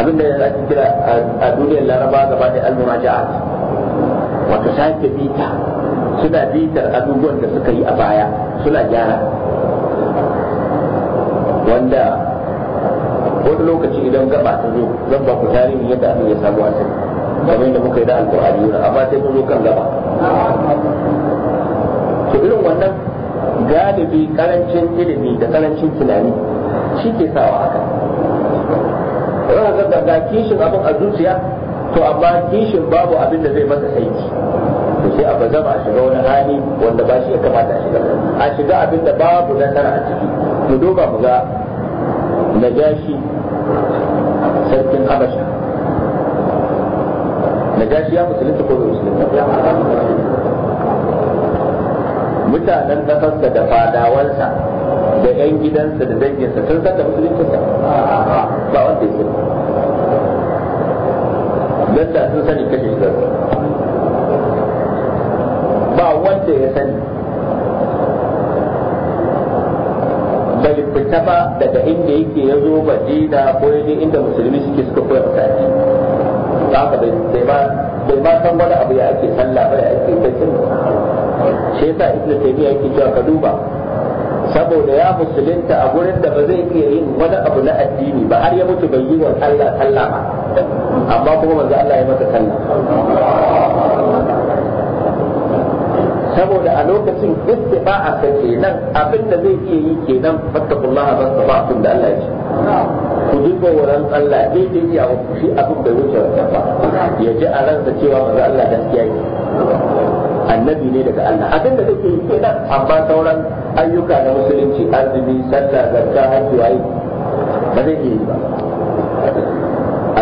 abin da ya kira a duniyar laraba gaba da al-muraja'at wata sake bita suna bitar abubuwan da suka yi a baya suna gyara wanda wani lokaci idan gaba ta zo zan ba ku tarihi yadda abin ya samu asali kamar yadda muka yi da alƙur'ani yana amma sai mun zo kan gaba to irin wannan galibi karancin ilimi da karancin tunani shi ke sawa haka ranar ga kishin abin a zuciya to amma kishin babu abin da zai masa aiki to sai a baza ba a shiga wani hali wanda ba shi ya kamata a shiga a shiga abin da babu nasara a ciki mu duba mu ga najashi sarkin habasha najashi ya musulunta ko bai mutanen kasarsa da fadawansa da 'yan gidansa da danginsa sun san da sa ba wanda ya sani don da sun sani kashe shi ba wanda ya sani fita ba daga inda yake ya zo ba jida ko ya inda musulmi suke suka koya masa addini haka bai ma bai ba san wani abu ya ake sallah ba ya ake tafsir shi yasa ibnu taymiya yake cewa ka duba saboda ya musulunta a gurin da ba zai iya yin wani abu na addini ba har ya mutu bai yi wa sallah sallah ba amma kuma manzo Allah ya masa sallah saboda a lokacin a ka kenan abin da zai iya yi kenan fattakullaha ba ta ba'atun da Allah ya ku ji tsoron Allah dai dai ya ku shi abin da wuce wata ba ya ji a ransa cewa maza Allah gaskiya yi annabi ne daga Allah abin da kake yi kenan amma sauran ayyuka na musulunci azumi sallah zakka hajji yi ba zai yi ba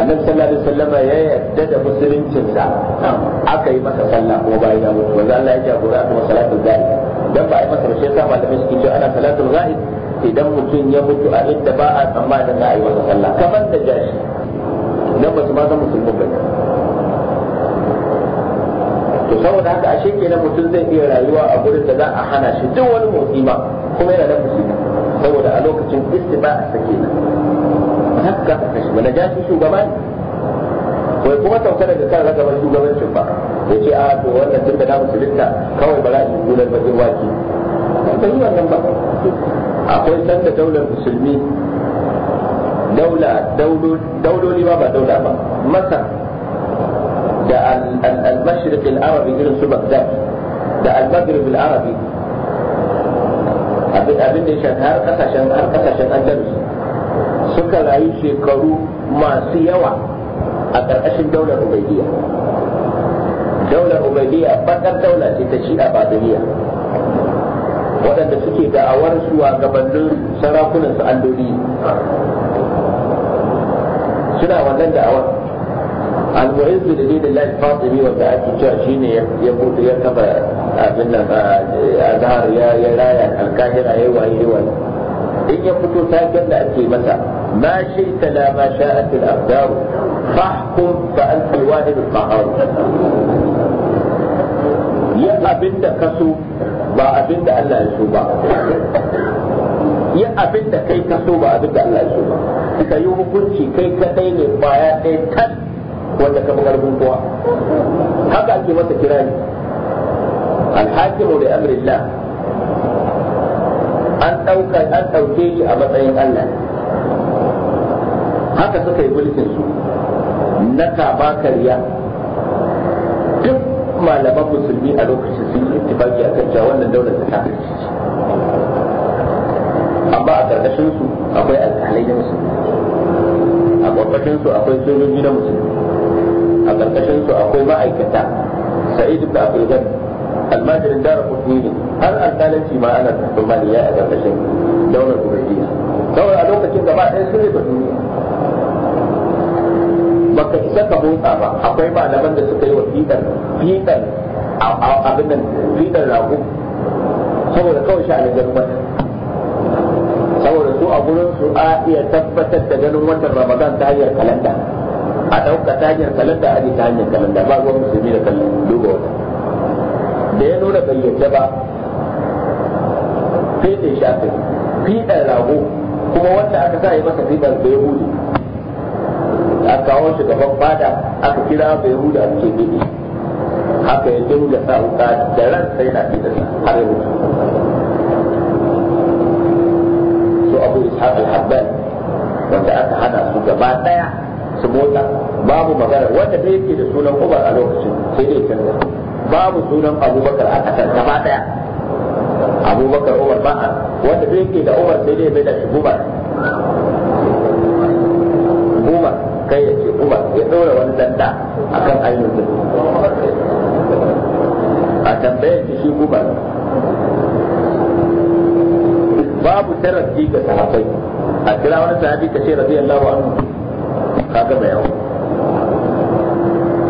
annabi sallallahu alaihi wasallam ya yadda da musuluncinsa aka yi masa sallah kuma bayan ya mutu wanda Allah ya jagora kuma salatul ghaib dan ba a yi masa ba sai sa malamai suke cewa ana salatul ghaib idan mutum ya mutu a inda ba a tsammanin za a yi masa sallah kamar da jashi dan ba su ma san musulmin ba to saboda haka ashe kenan mutum zai iya rayuwa a gurin da za a hana shi duk wani motsi ma kuma yana da musulmi saboda a lokacin istiba a sake haka ka shi mana jasi shugaba ne bai kuma tautara da kan ragaban shugabancin ba ya ce a to wannan tun da na musulunta kawai ba za su gudanar bakin waki ba yi wannan ba akwai san da daular musulmi daula dauloli ba ba daula ba masa da al-mashriq al-arabi irin su baghdad da al-maghrib al-arabi abin da ya shafi har kasashen har kasashen andalus suka rayu shekaru masu yawa a ƙarƙashin daular ubaidiyya daular ubaidiyya bakar daula ce ta shi'a badaniya waɗanda suke da'awar su a gabanin sarakunan su alloli suna wannan da'awar al-mu'izz da dinin lafi fatimi wanda ake cewa shine ya bude ya kafa abin nan a zahar ya raya alkahira ya waye waye in ya fito taken da ake masa ما شئت لا ما شاءت الأقدار فاحكم فأنت الواهب القهار يا أبنت كسو ما أبنت ألا يسوبا يا أبنت كي كسو ما أبنت ألا يسوبا إذا يوم كنت كي كتين بايات تن وانا كما نربون بوا هذا الكلمة كراني الحاكم لأمر الله أن توكل أن أوكي أبطين أن أوكي haka suka yi mulkin su na kama kariya duk malaman musulmi a lokacin sun yi ittifaki akan cewa wannan daular ta kafirci ce amma a ƙarƙashin su akwai alƙalai na musulmi a ƙarƙashin su akwai sojoji na musulmi a ƙarƙashin su akwai ma'aikata sa'idu da abu ghani almajirin dara kutni ne har alƙalanci ma ana tsammani ya a ƙarƙashin daular gurbiya kawai a lokacin gaba ɗaya sun rufe duniya baka isa ka motsa ba akwai malaman da suka yi wa fitar fitar abin nan fiɗar rago saboda kawai sha da ganin wata saboda su a gurin su a iya tabbatar da ganin watan ramadan ta hanyar kalanda a ɗauka ta hanyar kalanda a ta hanyar kalanda ba ruwan musulmi da kallon duba wata da ya nuna bayyace ba fitar shafin fitar rago kuma wanda aka sa yi masa ribar bai hudu a kawo shi gaban fada aka kira bai hudu a cikin gidi haka ya da sa wuka da ran sai na fitar har ya su abu ishaq al-habban wanda aka hana su gaba daya su motsa babu magana wanda da yake da sunan umar a lokacin sai dai canza babu sunan abubakar a kasar gaba daya abubakar umar ba wanda duk yake da umar sai dai mai da shi umar umar kai ya ce umar ya ɗora wani danda akan ainihin a tambayar shi shi umar babu tarafi ga sahabbai a kira wani sahabi ka ce radiyallahu ka kaga bayawa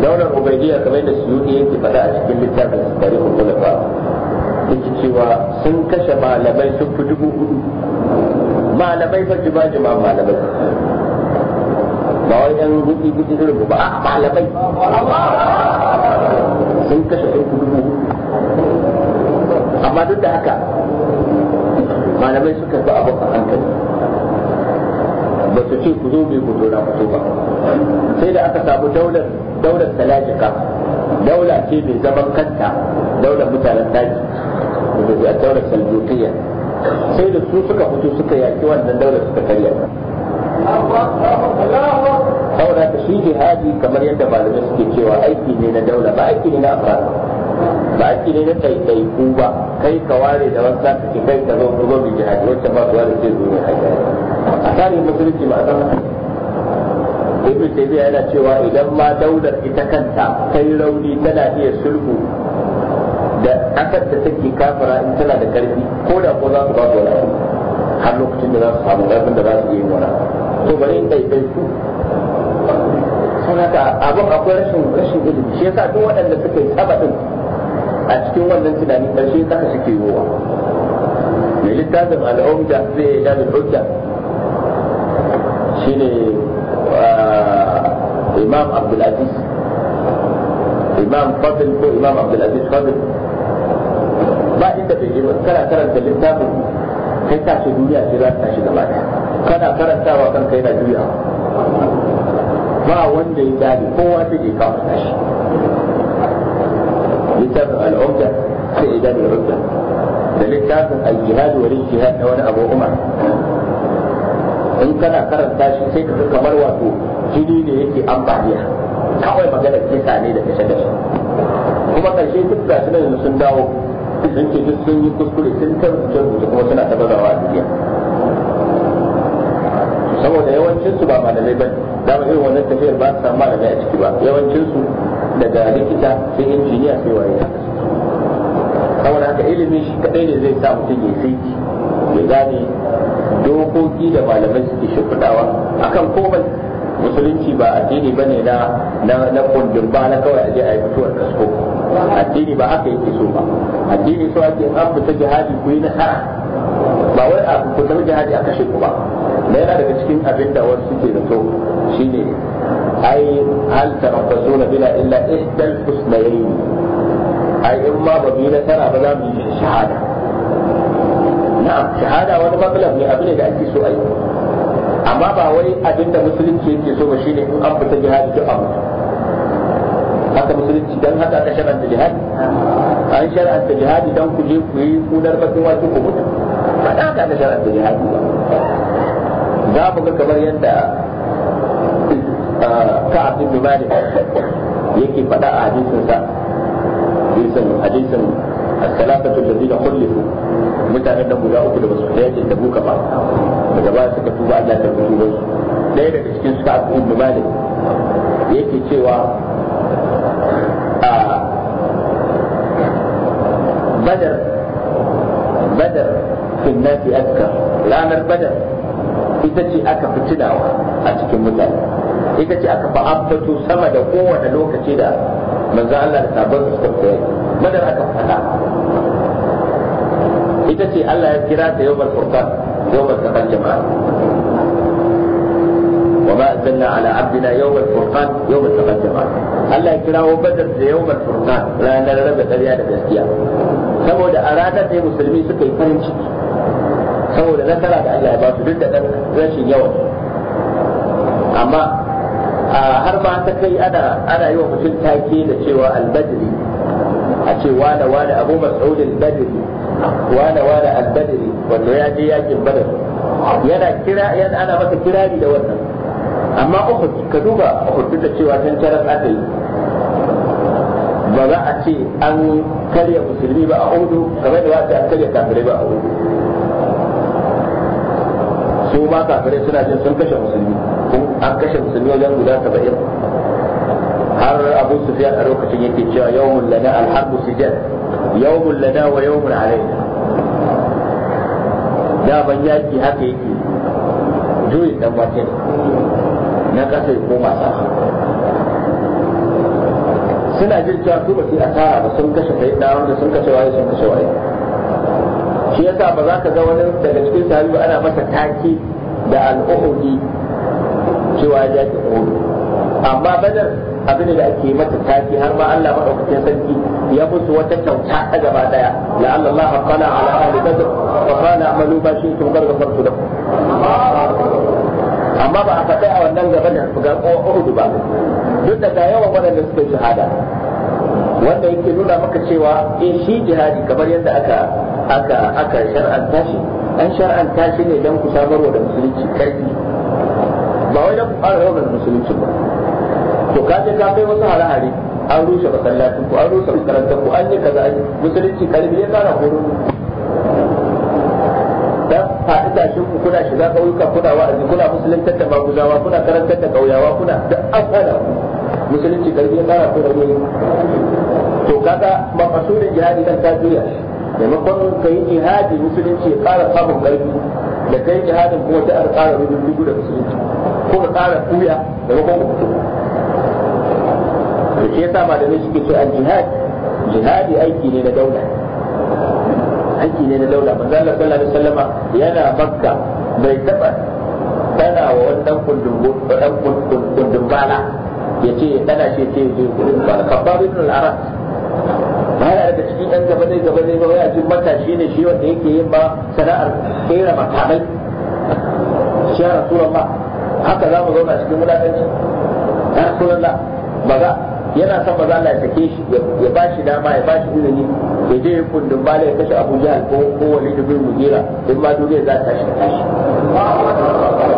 daular ubaidiyya kamar da yi yake faɗa a cikin littafin tarihin ba. yake cewa sun kashe malamai sun fi dubu hudu malamai fa jima jima malamai ba wai yan gudi gudi irin ba a malamai sun kashe sun fi dubu hudu amma duk da haka malamai suka fi abu a hankali ba su ce ku zo bai ku zo ku ba sai da aka samu daular daular talajika daula ce mai zaman kanta daular mutanen daji a daular saljukiya sai da su suka fito suka yaki wannan daular suka karya saboda shi jihadi kamar yadda malamai suke cewa aiki ne na daula ba aiki ne na afirka ba aiki ne na ɗaiɗaiku ba kai ka ware da wasu ka ce kai ka zo ku zo mai jihadi wacce ba su ware sai zo ne a tsarin musulunci ba a ibn taymiya yana cewa idan ma daular ita kanta kai rauni tana iya sulhu da ƙasar da take kafara in tana da ƙarfi ko da ko za su ba su wani har lokacin da za su samu ƙarfin da za su yi wani to bari in ɗaiɗai su sun haka abin akwai rashin rashin ilimi shi yasa duk waɗanda suke yi tsabaɗin a cikin wannan tunani ƙarshe ƙasa suke yowa mai littafin al'umda zai yi da hujja shine imam abdulaziz imam fadl ko imam abdulaziz fadl ba inda bai je ba kana karanta littafin kai ta ce duniya ce za ta tashi gaba ɗaya kana karantawa kan kai na juya ba wanda ya dade kowa ta je kawo tashi littafin al'umda sai idan al'umda da littafin al-jihad wa jihad na wani abu umar in kana karanta shi sai ka kamar wato jini ne yake ambaliya kawai maganar kisa ne da kashe kashe kuma karshe duk gasu nan sun dawo sun ce duk sun yi kuskure sun tarbuta su kuma suna ta bazawa a duniya saboda yawancinsu ba malamai ba da ba irin wannan tafiyar ba su samu malamai a ciki ba yawancinsu daga likita sai injiniya sai waye saboda haka ilimi shi kadai ne zai sa mutum ya sai ya gane dokoki da malamai suke shimfiɗawa akan komai musulunci ba addini bane na na kundin ba na kawai aje a yi mutuwar kasko addini ba haka yake so ba addini so ake an fita jihadi ku yi na ha ba wai a ku tafi jihadi a kashe ku ba da yana daga cikin abin da wasu suke da to shine ai hal tarabbasuna bila illa ihdal husnayn ai in ma ba mu na tara ba za mu yi shahada na'am shahada wani mablab ne abin da ake so ai amma ba wai abin da musulunci yake so ba shine in an fita jihadi duk abu haka musulunci dan haka aka shar'anta jihad an shar'anta jihad dan ku je ku yi kunar bakin wato ku mutu ba da haka aka shar'anta jihad za mu ga kamar yadda ka ah, ka'ab bin malik yake faɗa a hadisin sa hadisin hadisin as-salafatu alladhina khulifu mutanen da guda uku da basu fita yakin da buka ba daga ba suka tuba Allah ta gudu wasu ɗaya daga cikin su ka'ab bin malik yake cewa badar badar finnati aska ranar badar ita ce aka fi tunawa a cikin mutane ita ce aka fi ambato sama da kowane lokaci da manzo Allah da sabon su suka badar aka fada ita ce Allah ya kira ta وما أنزلنا على عبدنا يوم الفرقان يوم التقى الله بدر يوم الفرقان saboda a ranar ne musulmi suka yi farin ciki saboda nasara da Allah ya ba su duk da ɗan rashin yawa amma a har ma ta kai ana ana yi wa mutum take da cewa al-badri a ce wala wala abu mas'ud wala wala al-badri wanda ya je yakin badar yana kira yana ana masa kirari da wannan amma uku ka duba uku da cewa tantarar aka yi ba za a ce an karya musulmi ba a udu kamar da za a ce an karya kafirai ba a udu su ma kafirai suna jin sun kashe musulmi an kashe musulmi wajen guda saba'in har abu fiye a lokacin yake cewa yawmun lana su sijal yawmun lana wa yawmun alaina da ban yaki haka yake juyin dan wake na kasa ya koma sa suna jin cewa su ba su asara ba sun kashe kai da wanda sun kashe waye sun kashe waye shi yasa ba za ka ga wani daga cikin sahabi ana masa taki da al'uhudi cewa ya ki uhudu amma badar abin da ake mata taki har ma Allah madaukakin sarki ya musu wata kyauta ta gaba daya la Allah qala ala ahli badr wa qala amalu ba shi sun tum gargafartu lakum amma ba a faɗa a wannan gaba da ga Uhud ba duk da ga yawan waɗanda suka shahada wanda yake nuna maka cewa in eh, shi jihadi kamar yadda aka aka aka shar'anta shi an shar'anta shi ne don ku samar da musulunci karfi ba wai don ku fara yawan musulunci ba to ka je ka kai wasu hare-hare an rushe masallacin ku an rushe makarantar ku an yi kaza musulunci karfi ya kara horo tashin ku kuna shiga ƙauyuka kuna wa'azi kuna musuluntar da maguzawa kuna karantar da ƙauyawa kuna da afala musulunci karfi ya tsara ku rauni to kaga da jihadi kan ta juya maimakon ka yi jihadi musulunci ya ƙara samun ƙarfi da kai jihadin kuma ta ƙara rubin dubu da musulunci ko ka ƙara kuya maimakon ku fito to shi yasa malamai suke ce al jihad jihadi aiki ne na daula aiki ne na daula manzo Allah sallallahu alaihi wasallama yana makka bai taba tana wa wannan kundumbu dan kundum bala yace tana shi ce ji kundum bala kabbar ibn al-arab yana daga cikin ɗan gaba zai gaba zai ba ya ji mata shi ne shi wanda yake yin ba sana'ar kera makamai shi ya rasulullah haka za mu zauna cikin wulaƙanci ya rasulullah maza yana son za Allah ya sake shi ya ba shi dama ya ba shi izini ya je ya kundin bala ya kashe abu jihar ko ko da bin mugira in ma duniya za ta shi tashi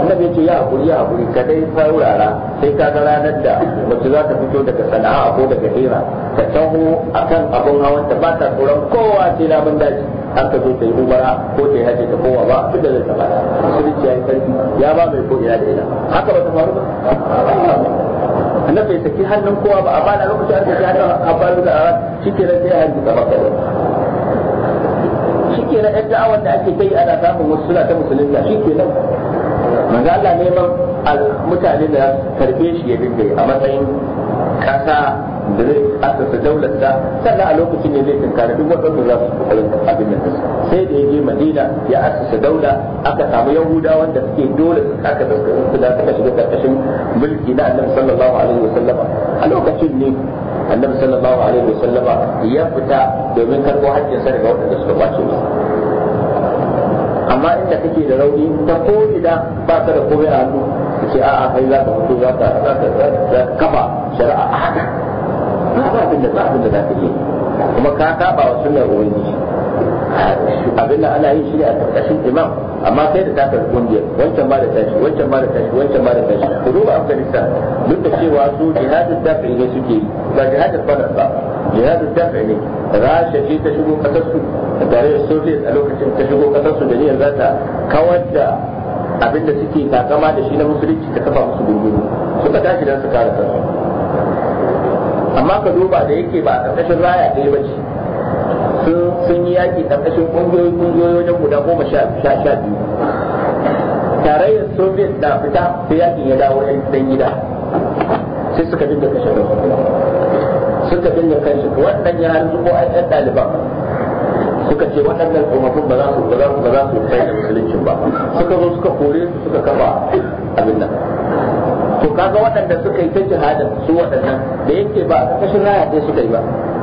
annabi ce ya hakuri ya hakuri ka dai saurara sai ka ga ranar da wacce za ta fito daga sana'a ko daga hira ka taho akan abun hawan ta ba ta tsoron kowa sai namun daji har ka zo ta yi umara ko ta yi hajji ta kowa ba duk da zai ta ba sun ya yi sarki ya ba mai ko ina da ina haka ba ta faru ba na bai saki hannun kowa ba a bana lokacin an saki hannun abbalu da a shike da sai hannu gaba gaba shike nan yan da'awar da ake kai ana samun wasu suna ta musulunta shike nan manzo Allah neman mutane da karbe shi ya bibbe a matsayin kasa da zai asasa daular da sannan a lokacin ne zai tunkari duk waɗanda za su kokarin abin nan sai da ya je madina ya asasa daula aka samu yahuda wanda suke dole su aka su da suka shiga karkashin mulki na annabi sallallahu alaihi wasallam a lokacin ne annabi sallallahu alaihi wasallam ya fita domin karɓo hajjinsa daga waɗanda suka kwace masa amma inda kake da rauni ta ko ina ba ka da komai a hannu ce a'a kai za ka mutu za ka kafa shari'a a haka da ba da za ka iya kuma ka saba wa sunnar ubangiji abinda ana yin shi ne a karkashin imam amma sai da takar kungiyar wancan ma da tashi wancan ma da tashi wancan ma da tashi ku duba afghanistan duk da cewa su jihadin dafi ne suke yi ba jihadin fadar ba jihadin dafi ne rasha ce ta shigo kasar su da tarayyar soviet a lokacin ta shigo kasar da niyyar za ta kawar da abin da suke takama da shi na musulunci ta kafa musu gungun suka tashi don su kare kansu amma ka duba da yake ba ƙarƙashin raya ɗaya ba ce sun yi yaƙi ƙarƙashin ƙungiyoyi ƙungiyoyi wajen guda goma sha biyu tarayyar soviet na fita sai yaƙin ya dawo ɗan gida sai suka dinga kashe suka dinga kashe wannan ya har zubo a ɗan ɗaliban suka ce waɗannan tsofaffin ba za su ba za su ba za su kai da musuluncin ba suka zo suka kore su suka kafa abin nan to kaga waɗanda suka yi ta jihadin su waɗannan da yake ba a kashin raya ɗaya suka yi ba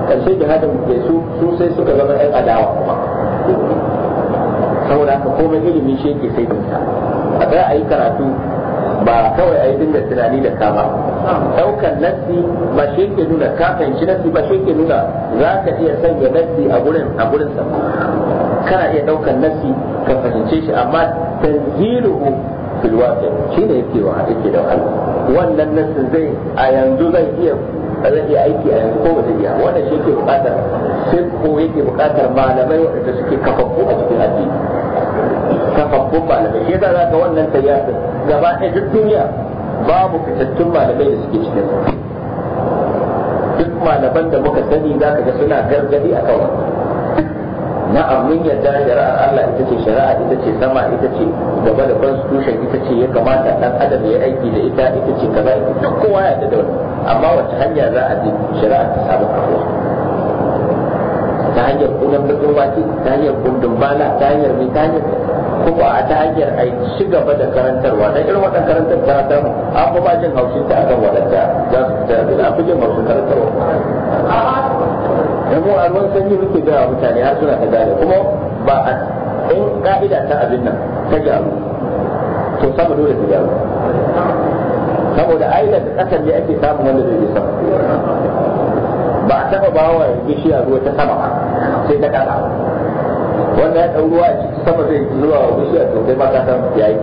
ƙarshe jihadin da su su sai suka zama ƴan adawa kuma saboda haka komai ilimi shi yake sai dinsa a tsaya a yi karatu ba kawai a yi dinga tunani da kama ɗaukar nassi ba shi yake nuna ka fahimci nassi ba shi yake nuna za ka iya sanya nassi a gurin a gurin sa kana iya ɗaukar nassi ka fahimce shi amma tanziluhu fil waqi shine yake wa yake da wahala wannan nassin zai a yanzu zai iya zan aiki a yanzu ko ba zai iya wannan shi ke bukatar sai ko yake bukatar malamai waɗanda suke kafaffu a cikin addini kafaffun malamai shi yasa zaka wannan tayyasin gaba ɗaya duk duniya babu fitattun malamai da suke cikin duk malaman da muka sani zaka ga suna gargadi akan wannan jama'a mun yadda shari'ar Allah ita ce shari'a ita ce sama ita ce gaba da constitution ita ce ya kamata dan adam ya aiki da ita ita ce kaza ita duk kowa ya da amma wata hanya za a bi shari'a ta samu kafuwa ta hanyar da bakin ce ta hanyar kundin bala ta hanyar mai ta hanyar kuma a ta hanyar a ci gaba da karantarwa da irin waɗannan karantar karantar a fi ba jin haushin ta akan waɗanda za su ta da abin jin haushin karantarwa dan mu a ruwan sanyi muke gaya mutane har suna ta gane kuma ba a in ka'ida ta abin nan ta gyaru to sama dole ta gyaru saboda ai da kasar ne ake samun wanda zai sama ba a taba ba wa bishiya ruwa ta sama sai ta kasa wannan ya ɗau ruwa a ciki sama zai zuwa bishiya to sai ma ka san yayi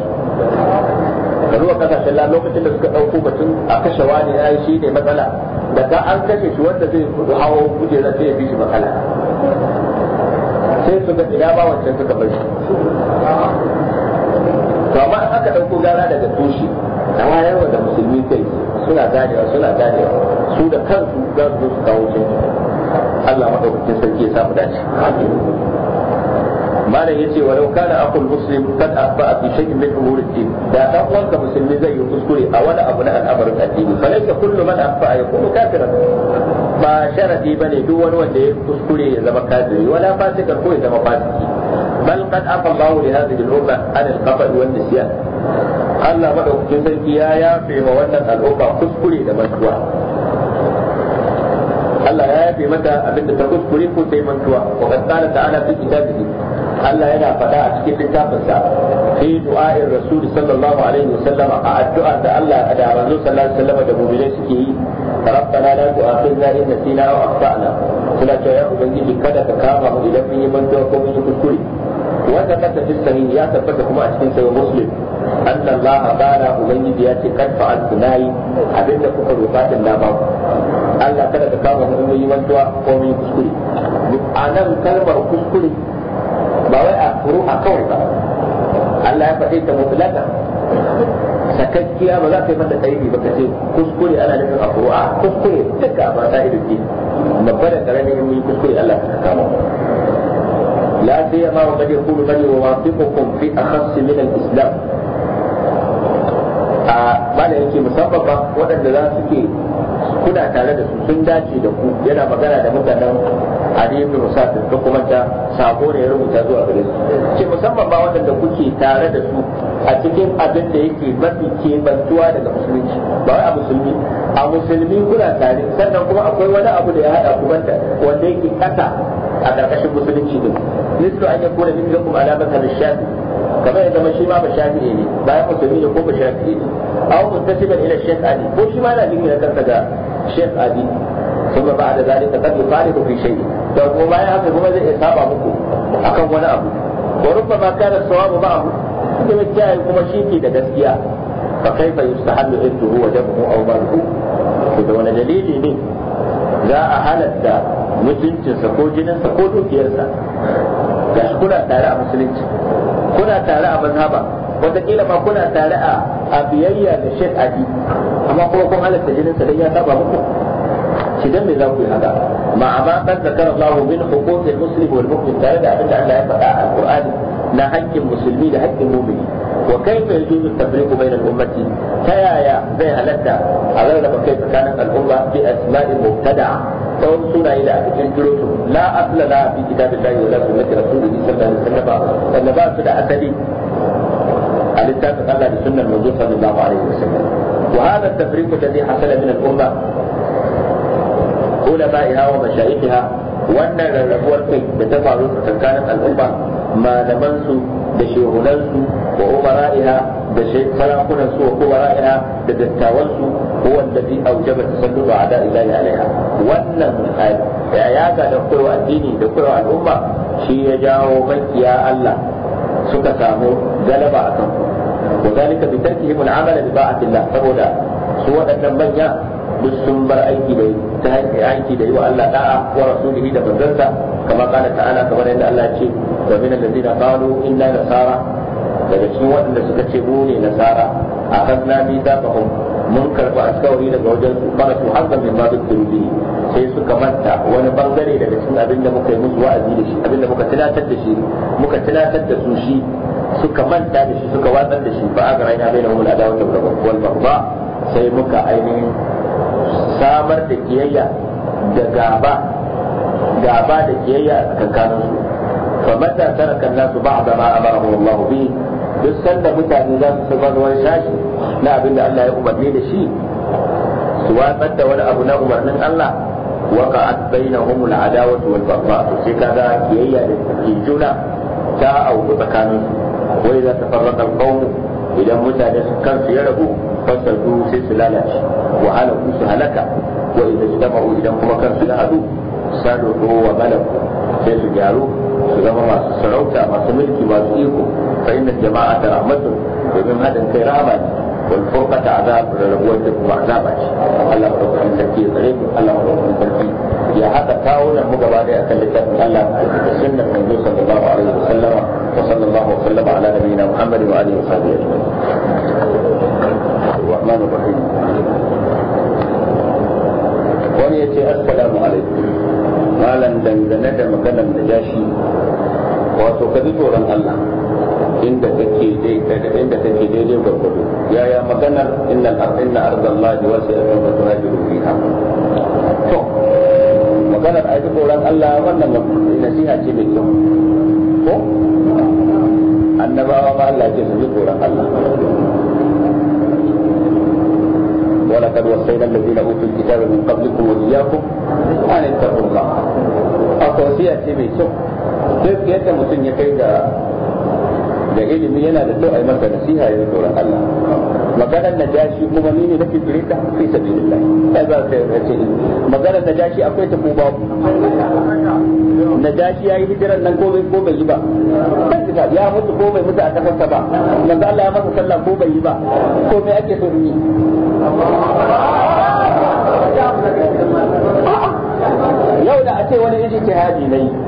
ka zuwa kasashen talla lokacin da suka ɗauko batun a kashe wani ya yi shi ne matsala da ka an kashe shi wanda zai hawa kujera sai ya bi shi matsala sai su ga ina ba wancan suka bar shi to amma in aka ɗauko gara daga tushe a wayarwa da musulmi kai suna ganewa suna ganewa su da kansu za su zo su kawo canji Allah maɗaukakin sarki ya samu dace. malam yace wa yau kana aqul muslim kad asba'a fi shay'in min umur ad-din da dan uwanka musulmi zai yi kuskure a wani abu na al'amarin addini fa laysa kullu man asba'a yakunu kafiran ba sharadi bane duk wani wanda ya kuskure ya zama kafiri wala fasikan ko ya zama fasiki bal qad afa Allahu li hadhihi al-umma an al-qatl wa an-nisyan Allah madaukakin sarki ya yafe wa wannan al'umma kuskure da mantuwa Allah ya yafe mata abinda ta kuskure ko sai mantuwa wa qad qala ta'ala fi kitabihi Allah yana faɗa a cikin littafinsa fi du'a'ir rasul sallallahu alaihi wasallam a addu'a da Allah da manzo sallallahu alaihi wasallam da mu'minai suke yi rabbana la tu'akhidna in nasina aw akhtana ya ubangiji kada ka kama mu idan mun yi ko mun yi kuskure wanda ya tabbata kuma a cikin muslim anna Allah ubangiji ya ce kad fa'altu nayi abinda kuka roƙa din na ba Allah kada ka kama mu mun yi ko mun yi kuskure a nan kalmar kuskure ba wai a furu'a kawai ba Allah ya faɗi ta mutlaka sakakkiya ba za ka yi mata ɗaibi ba ka ce kuskure ana nufin a furu'a kuskure duka ba ta ido ce babba da ƙaramin mun kuskure Allah ka kama ma لا سيما wa يكون من يوافقكم في أخص islam. الإسلام malam yake musamman ba waɗanda za su ke kuna tare da su sun dace da ku yana magana da mutanen Ali ibn Musafir ko kuma ta sako da ya rubuta zuwa gare su ce musamman ba waɗanda kuke tare da su a cikin abin da yake mafi kebantuwa daga musulunci ba wai a musulmi a musulmi kuna tare sannan kuma akwai wani abu da ya hada ku banda wanda yake kasa a karkashin musulunci din mislu an min minkum ala makan shafi kamar ya zama shi ma ba shafi ne bayan musulmi ne ko ba shafi ne aw muttasiban ila shek ali ko shi ma yana jingina kansa ga shek ali ثم بعد ذلك قد يخالف في شيء فهو ما يعرف هو زي إصابة مكو أكم ولا وربما كان الصواب معه إذا كان كما شيكي لدسيا فكيف يستحل إذه ودمه أو ماله إذا ولا دليل ne za a halatta mutuncinsa ko jininsa ko dukiyarsa ga kuna tare a musulunci kuna tare a mazhaba wataƙila ma kuna tare a biyayya da shekadi amma kuma kun halarta jininsa don ya saba muku كدم ذوق هذا مع ما قد ذكر الله من حقوق المسلم والمؤمن ترى أن لا يبقى القرآن نهج المسلمين نهج المؤمنين وكيف يجوز التفريق بين الأمة فيا يا بيها لدى أغلب كيف كانت الأمة بأسماء مبتدعة فانصنا إلى أكل جلوس لا أصل لها في كتاب الله ولا سنة رسوله صلى الله عليه وسلم النبا سنة أسدي الإنسان تقلى لسنة الموجودة صلى الله عليه وسلم وهذا التفريق الذي حصل من الأمة wa علمائها wannan rarrabuwar kai da ta faru tsakanin al'umma malamansu da shehunansu wa umara'iha da sarakunansu wa kubara'iha da dattawansu huwa alladhi awjaba tasallutu ala ilahi alaiha wannan ya yaga da kurwa addini da kurwa al'umma shi ya jawo makiya Allah suka samu galaba a kan ku وذلك بتركهم العمل بطاعة الله saboda su waɗannan manya duk sun bar aiki da ta aiki da yi wa Allah da'a wa rasulihi da manzansa kama kana ta'ala kamar yadda Allah ce wa min allazina qalu inna nasara daga cikin waɗanda suka ce mu ne nasara akhadna bi dafahum mun karba alkawari daga wajen su ba su hakan min ba su sai suka manta wani bangare daga cikin abin da muka yi musu wa'azi da shi abin da muka tunatar da shi muka tunatar da su shi suka manta da shi suka watsar da shi ba a ga raina bai da wani adawa da wal ba sai muka ainihin samar da kiyayya da gaba gaba da kiyayya tsakanin su fa mata taraka an nasu ba'da ma amarahu Allah bi duk sanda mutane za su saba da na abin Allah ya umarni da shi su watsar da wani abu na umarnin Allah wa qa'at bainahum al-adawa wal baghdha sai kaga kiyayya da juna ta auku tsakanin su wai za ta farra da idan mutane kansu ya rabu فسدوا سلالك وهلكوا سهلك واذا اجتمعوا جنبك كان سلالوا سالوا وملكوا كيف قالوا؟ كما ما سعوك ما سملك ما فان الجماعه رحمه ومن هذا كراما والفرقة عذاب ولبوتكم عذابا الله ربكم أن تركيز عليكم الله ربكم من يا هذا كاولا مقبالي اكلت الله سنة النبي صلى الله عليه وسلم وصلى الله وسلم على نبينا محمد وآله وصحبه أجمعين الرحمن الرحيم wani ya ce assalamu alaikum malam dangane da maganar najashi wato ka ji tsoron Allah inda kake daidai inda kake daidai gwargwado yaya maganar innal ardina ardallahi wasi'atun faturajiru fiha to maganar aji tsoron Allah wannan nasiha ce mai kyau ko annabawa ma Allah ce su ji tsoron Allah ولقد وصينا الذين اوتوا الكتاب من قبلكم واياكم ان اتقوا الله a tausiya ce mai kyau duk yadda mutum ya kai da da ilimi yana da so a yi masa nasiha ya tsoron Allah maganar kuma ni ne nake ta fi ta za ta maganar akwai ta babu nan ko ko bai yi ba ya mutu ko bai mutu a ba Allah ya masa sallah ko bai yi ba ko me ake so ni yau da a ce wani ijtihadi ne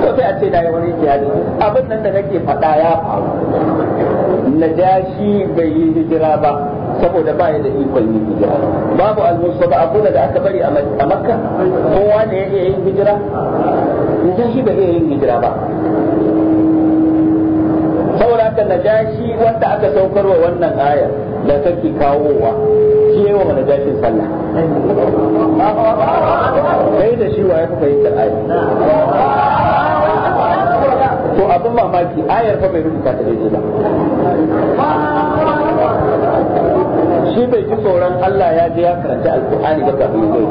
ko sai a ce da yi wani jihadi abin nan da nake faɗa ya faru najashi bai yi hijira ba saboda ba ya da ikon yin hijira babu almusu ba abu da aka bari a makka kowa ne ya iya yin hijira najashi bai iya yin hijira ba saboda haka najashi wanda aka saukarwa wannan aya da take kawowa shi yi wa najashin sallah Kai da shi wa ya fahimtar aya to abin mamaki ayar fa mai rubuta ta daidai ba shi bai ji tsoron Allah ya je ya karanta alkur'ani da kafin zai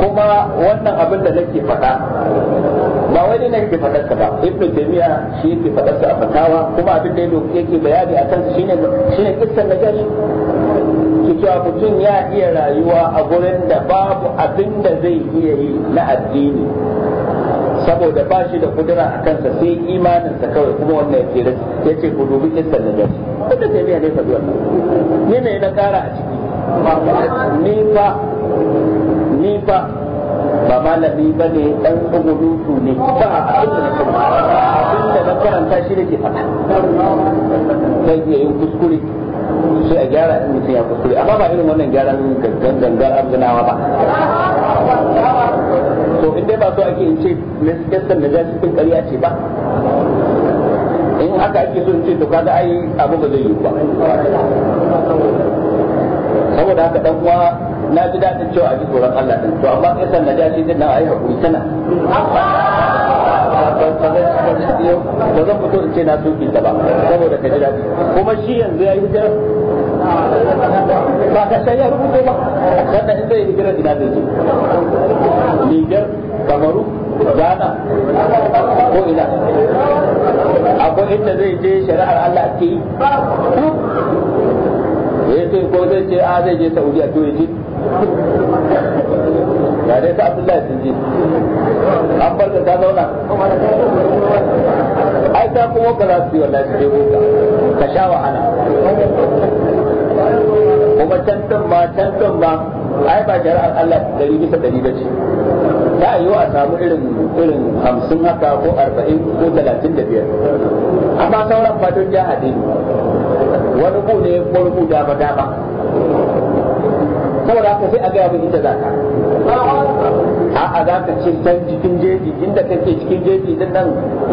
kuma wannan abin da nake faɗa ba wai ne nake faɗarsa ba ibnu taymiya shi yake faɗarsa a fatawa kuma abin da yake bayani akan shi ne kissan najashi cewa mutum ya iya rayuwa a gurin da babu abin da zai iya yi na addini saboda ba shi da kudura a kansa sai imaninsa kawai kuma wannan ya tsira ya ce ku dubi kistan da jashi wanda ta biya ne faɗuwa wannan ni ne na kara a ciki ni fa ni fa ba malami ba ne ɗan tsugulutu ne ba a da na abin da na karanta shi da ke fata zai ya yi kuskure sai a gyara in mutum ya kuskure amma ba irin wannan gyaran gangan gangan abinawa ba to in dai ba so ake in ce nasarar da gashi cikin ƙarya ce ba in haka ake so in ce to kaga ai abu ba zai yi ba saboda haka dan kuma na ji dadin cewa a ji tsoron Allah din to amma kisan najashi din nan ai hakuri tana ne ba zan fito in ce na tuki ta ba saboda ka ji daɗi kuma shi yanzu ya yi hijira ba ka sai rubuto ba sannan in zai hijira ina zai je Niger Kamaru Ghana ko ina akwai inda zai je shari'ar Allah ke yi ya ko zai ce a ah, zai je Saudiya a ya je ya dai ta Abdullahi sun je an bar ta zauna ta kuma ba za su yi wallahi su je wuta ka sha wahala kuma tantan ba tantan ba ai ba shari'ar Allah dari bisa dari ba ce ta yiwu a samu irin irin hamsin haka ko arba'in ko talatin da biyar amma sauran fadon ya haɗe wani ku ne ko rubu da ba saboda haka sai a ga min inda za ka a a za ka ce can cikin jeji inda kake cikin jeji din nan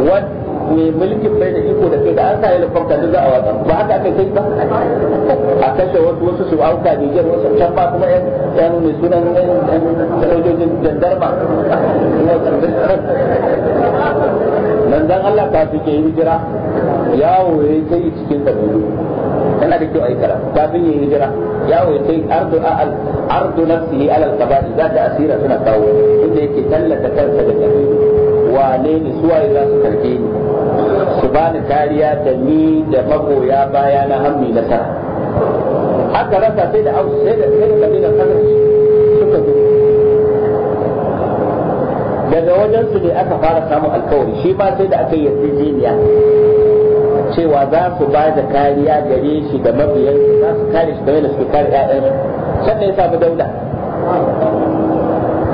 wani mai mulkin bai da iko da kai da an sa za a watsa ba haka aka kai ba a kashe wasu wasu su auka wasu can ba kuma yan yan mai sunan yan sojojin nan Allah ka fi ke hijira yawo ya kai cikin yana da kyau a yi kara hijira yawo ya kai ardu al ardu alal za ta asira suna kawo inda yake tallata kansa da tafi wane ne suwaye za su karbe ni su bani kariya da ni da magoya baya na hammi na tara haka rasa sai da ausu sai da sai da kabilar khazraj suka zo daga wajen su ne aka fara samun alkawari shi ma sai da aka yi yarjejeniya cewa za su ba da kariya gare shi da mabiyan za su kare shi game da suke kare ƴaƴan sannan ya samu dauda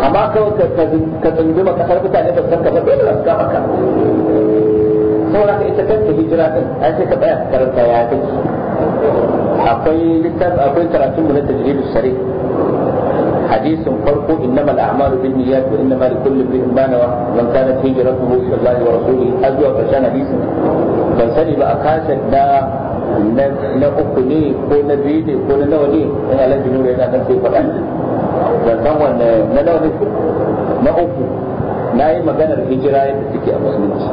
amma kawai ka tsunduma kasar mutane ba san ka ba dole za su kama ka saboda ita kanta hijira din an sai ka tsaya ka karanta ya take akwai littafi akwai karatun mu na tajridu sare hadisin farko innama al'amalu bin niyyat wa innama likulli imrin ma nawa man kanat hijratuhu ila Allah wa rasulihi azwa karshen hadisin ban sani ba a kasar da na uku ne ko na biyu ne ko na nawa ne in alhaji nura yana kan sai faɗa ban san wanne na nawa ne na uku na yi maganar hijira yadda take a musulunci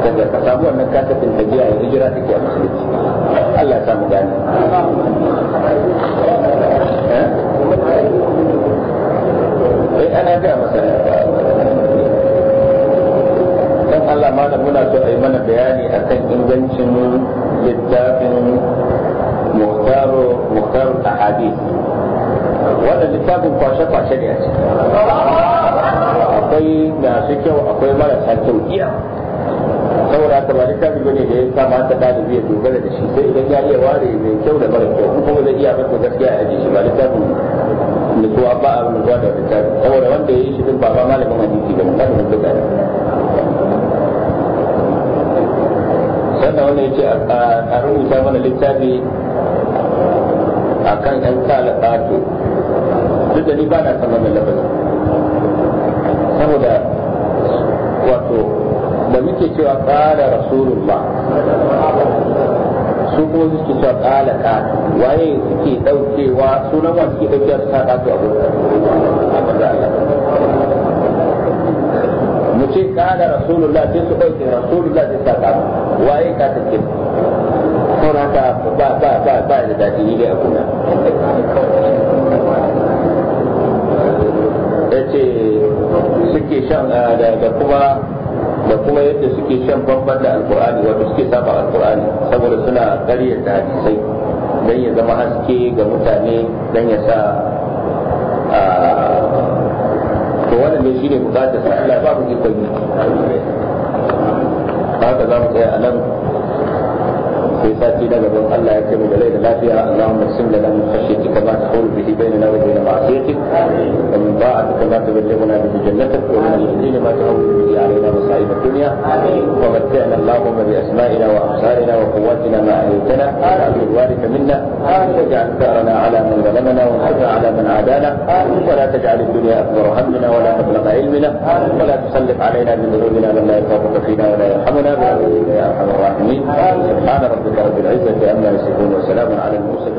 kaga ka samu wannan kasafin da biya ya hijira take a musulunci Allah ya mu gane eh, eh ana ga masa dan Allah malam muna so a yi mana bayani akan ingancin littafin mutaro muhtaro ahadith wannan littafin kwashe-kwashe ne a ciki akwai masu kyau akwai marasa kyau iya saboda ta bari ta littafi ne da ya ta ɗalibi ya dogara da shi sai idan ya iya ware mai kyau da mara kyau kuma zai iya mata gaskiya a ajiye ta ba littafin nutsuwa ba a wani gwada da littafi saboda wanda ya yi shi din ba ma malamin hadisi ba da ta ne sannan wani ya ce a rubuta mana littafi a kan 'yan kala ƙato duk da ni ba na san da labarin saboda wato da muke cewa kala rasulullah su kuma suke cewa kala ka waye suke daukewa sunan wa suke daukewa su ta su a gurin mu ce qala rasulullah sai su dauke rasulullah sai saka waye ka take saboda ba ba ba ba da dadi ne a kuma ya ce suke shan ah, da kuma da kuma yadda suke shan bambam da alkur'ani wato suke saba alkur'ani saboda suna karya hadisai don ya zama haske ga mutane don ya sa ah, to wannan ne shine bukatar sa Allah ba mu ikon yi ka za mu tsaya a nan في ساتي لك بون يكرم لي لا فيها اللهم اقسم لنا من خشيتك ما تحول به بيننا وبين معصيتك ومن طاعتك ما تبلغنا به جنتك ومن اليقين ما تحول به علينا مصائب الدنيا ومتعنا اللهم باسمائنا وابصارنا وقواتنا ما اهيتنا وارث منا آمين واجعل ثارنا على من ظلمنا وانصرنا على من عادانا آمين ولا تجعل الدنيا أكبر همنا ولا مبلغ علمنا آمين ولا تسلط علينا من ذنوبنا من لا يخافك فينا ولا يرحمنا برحمتك يا أرحم الراحمين سبحان ربك رب العزة عما يصفون وسلام على المرسلين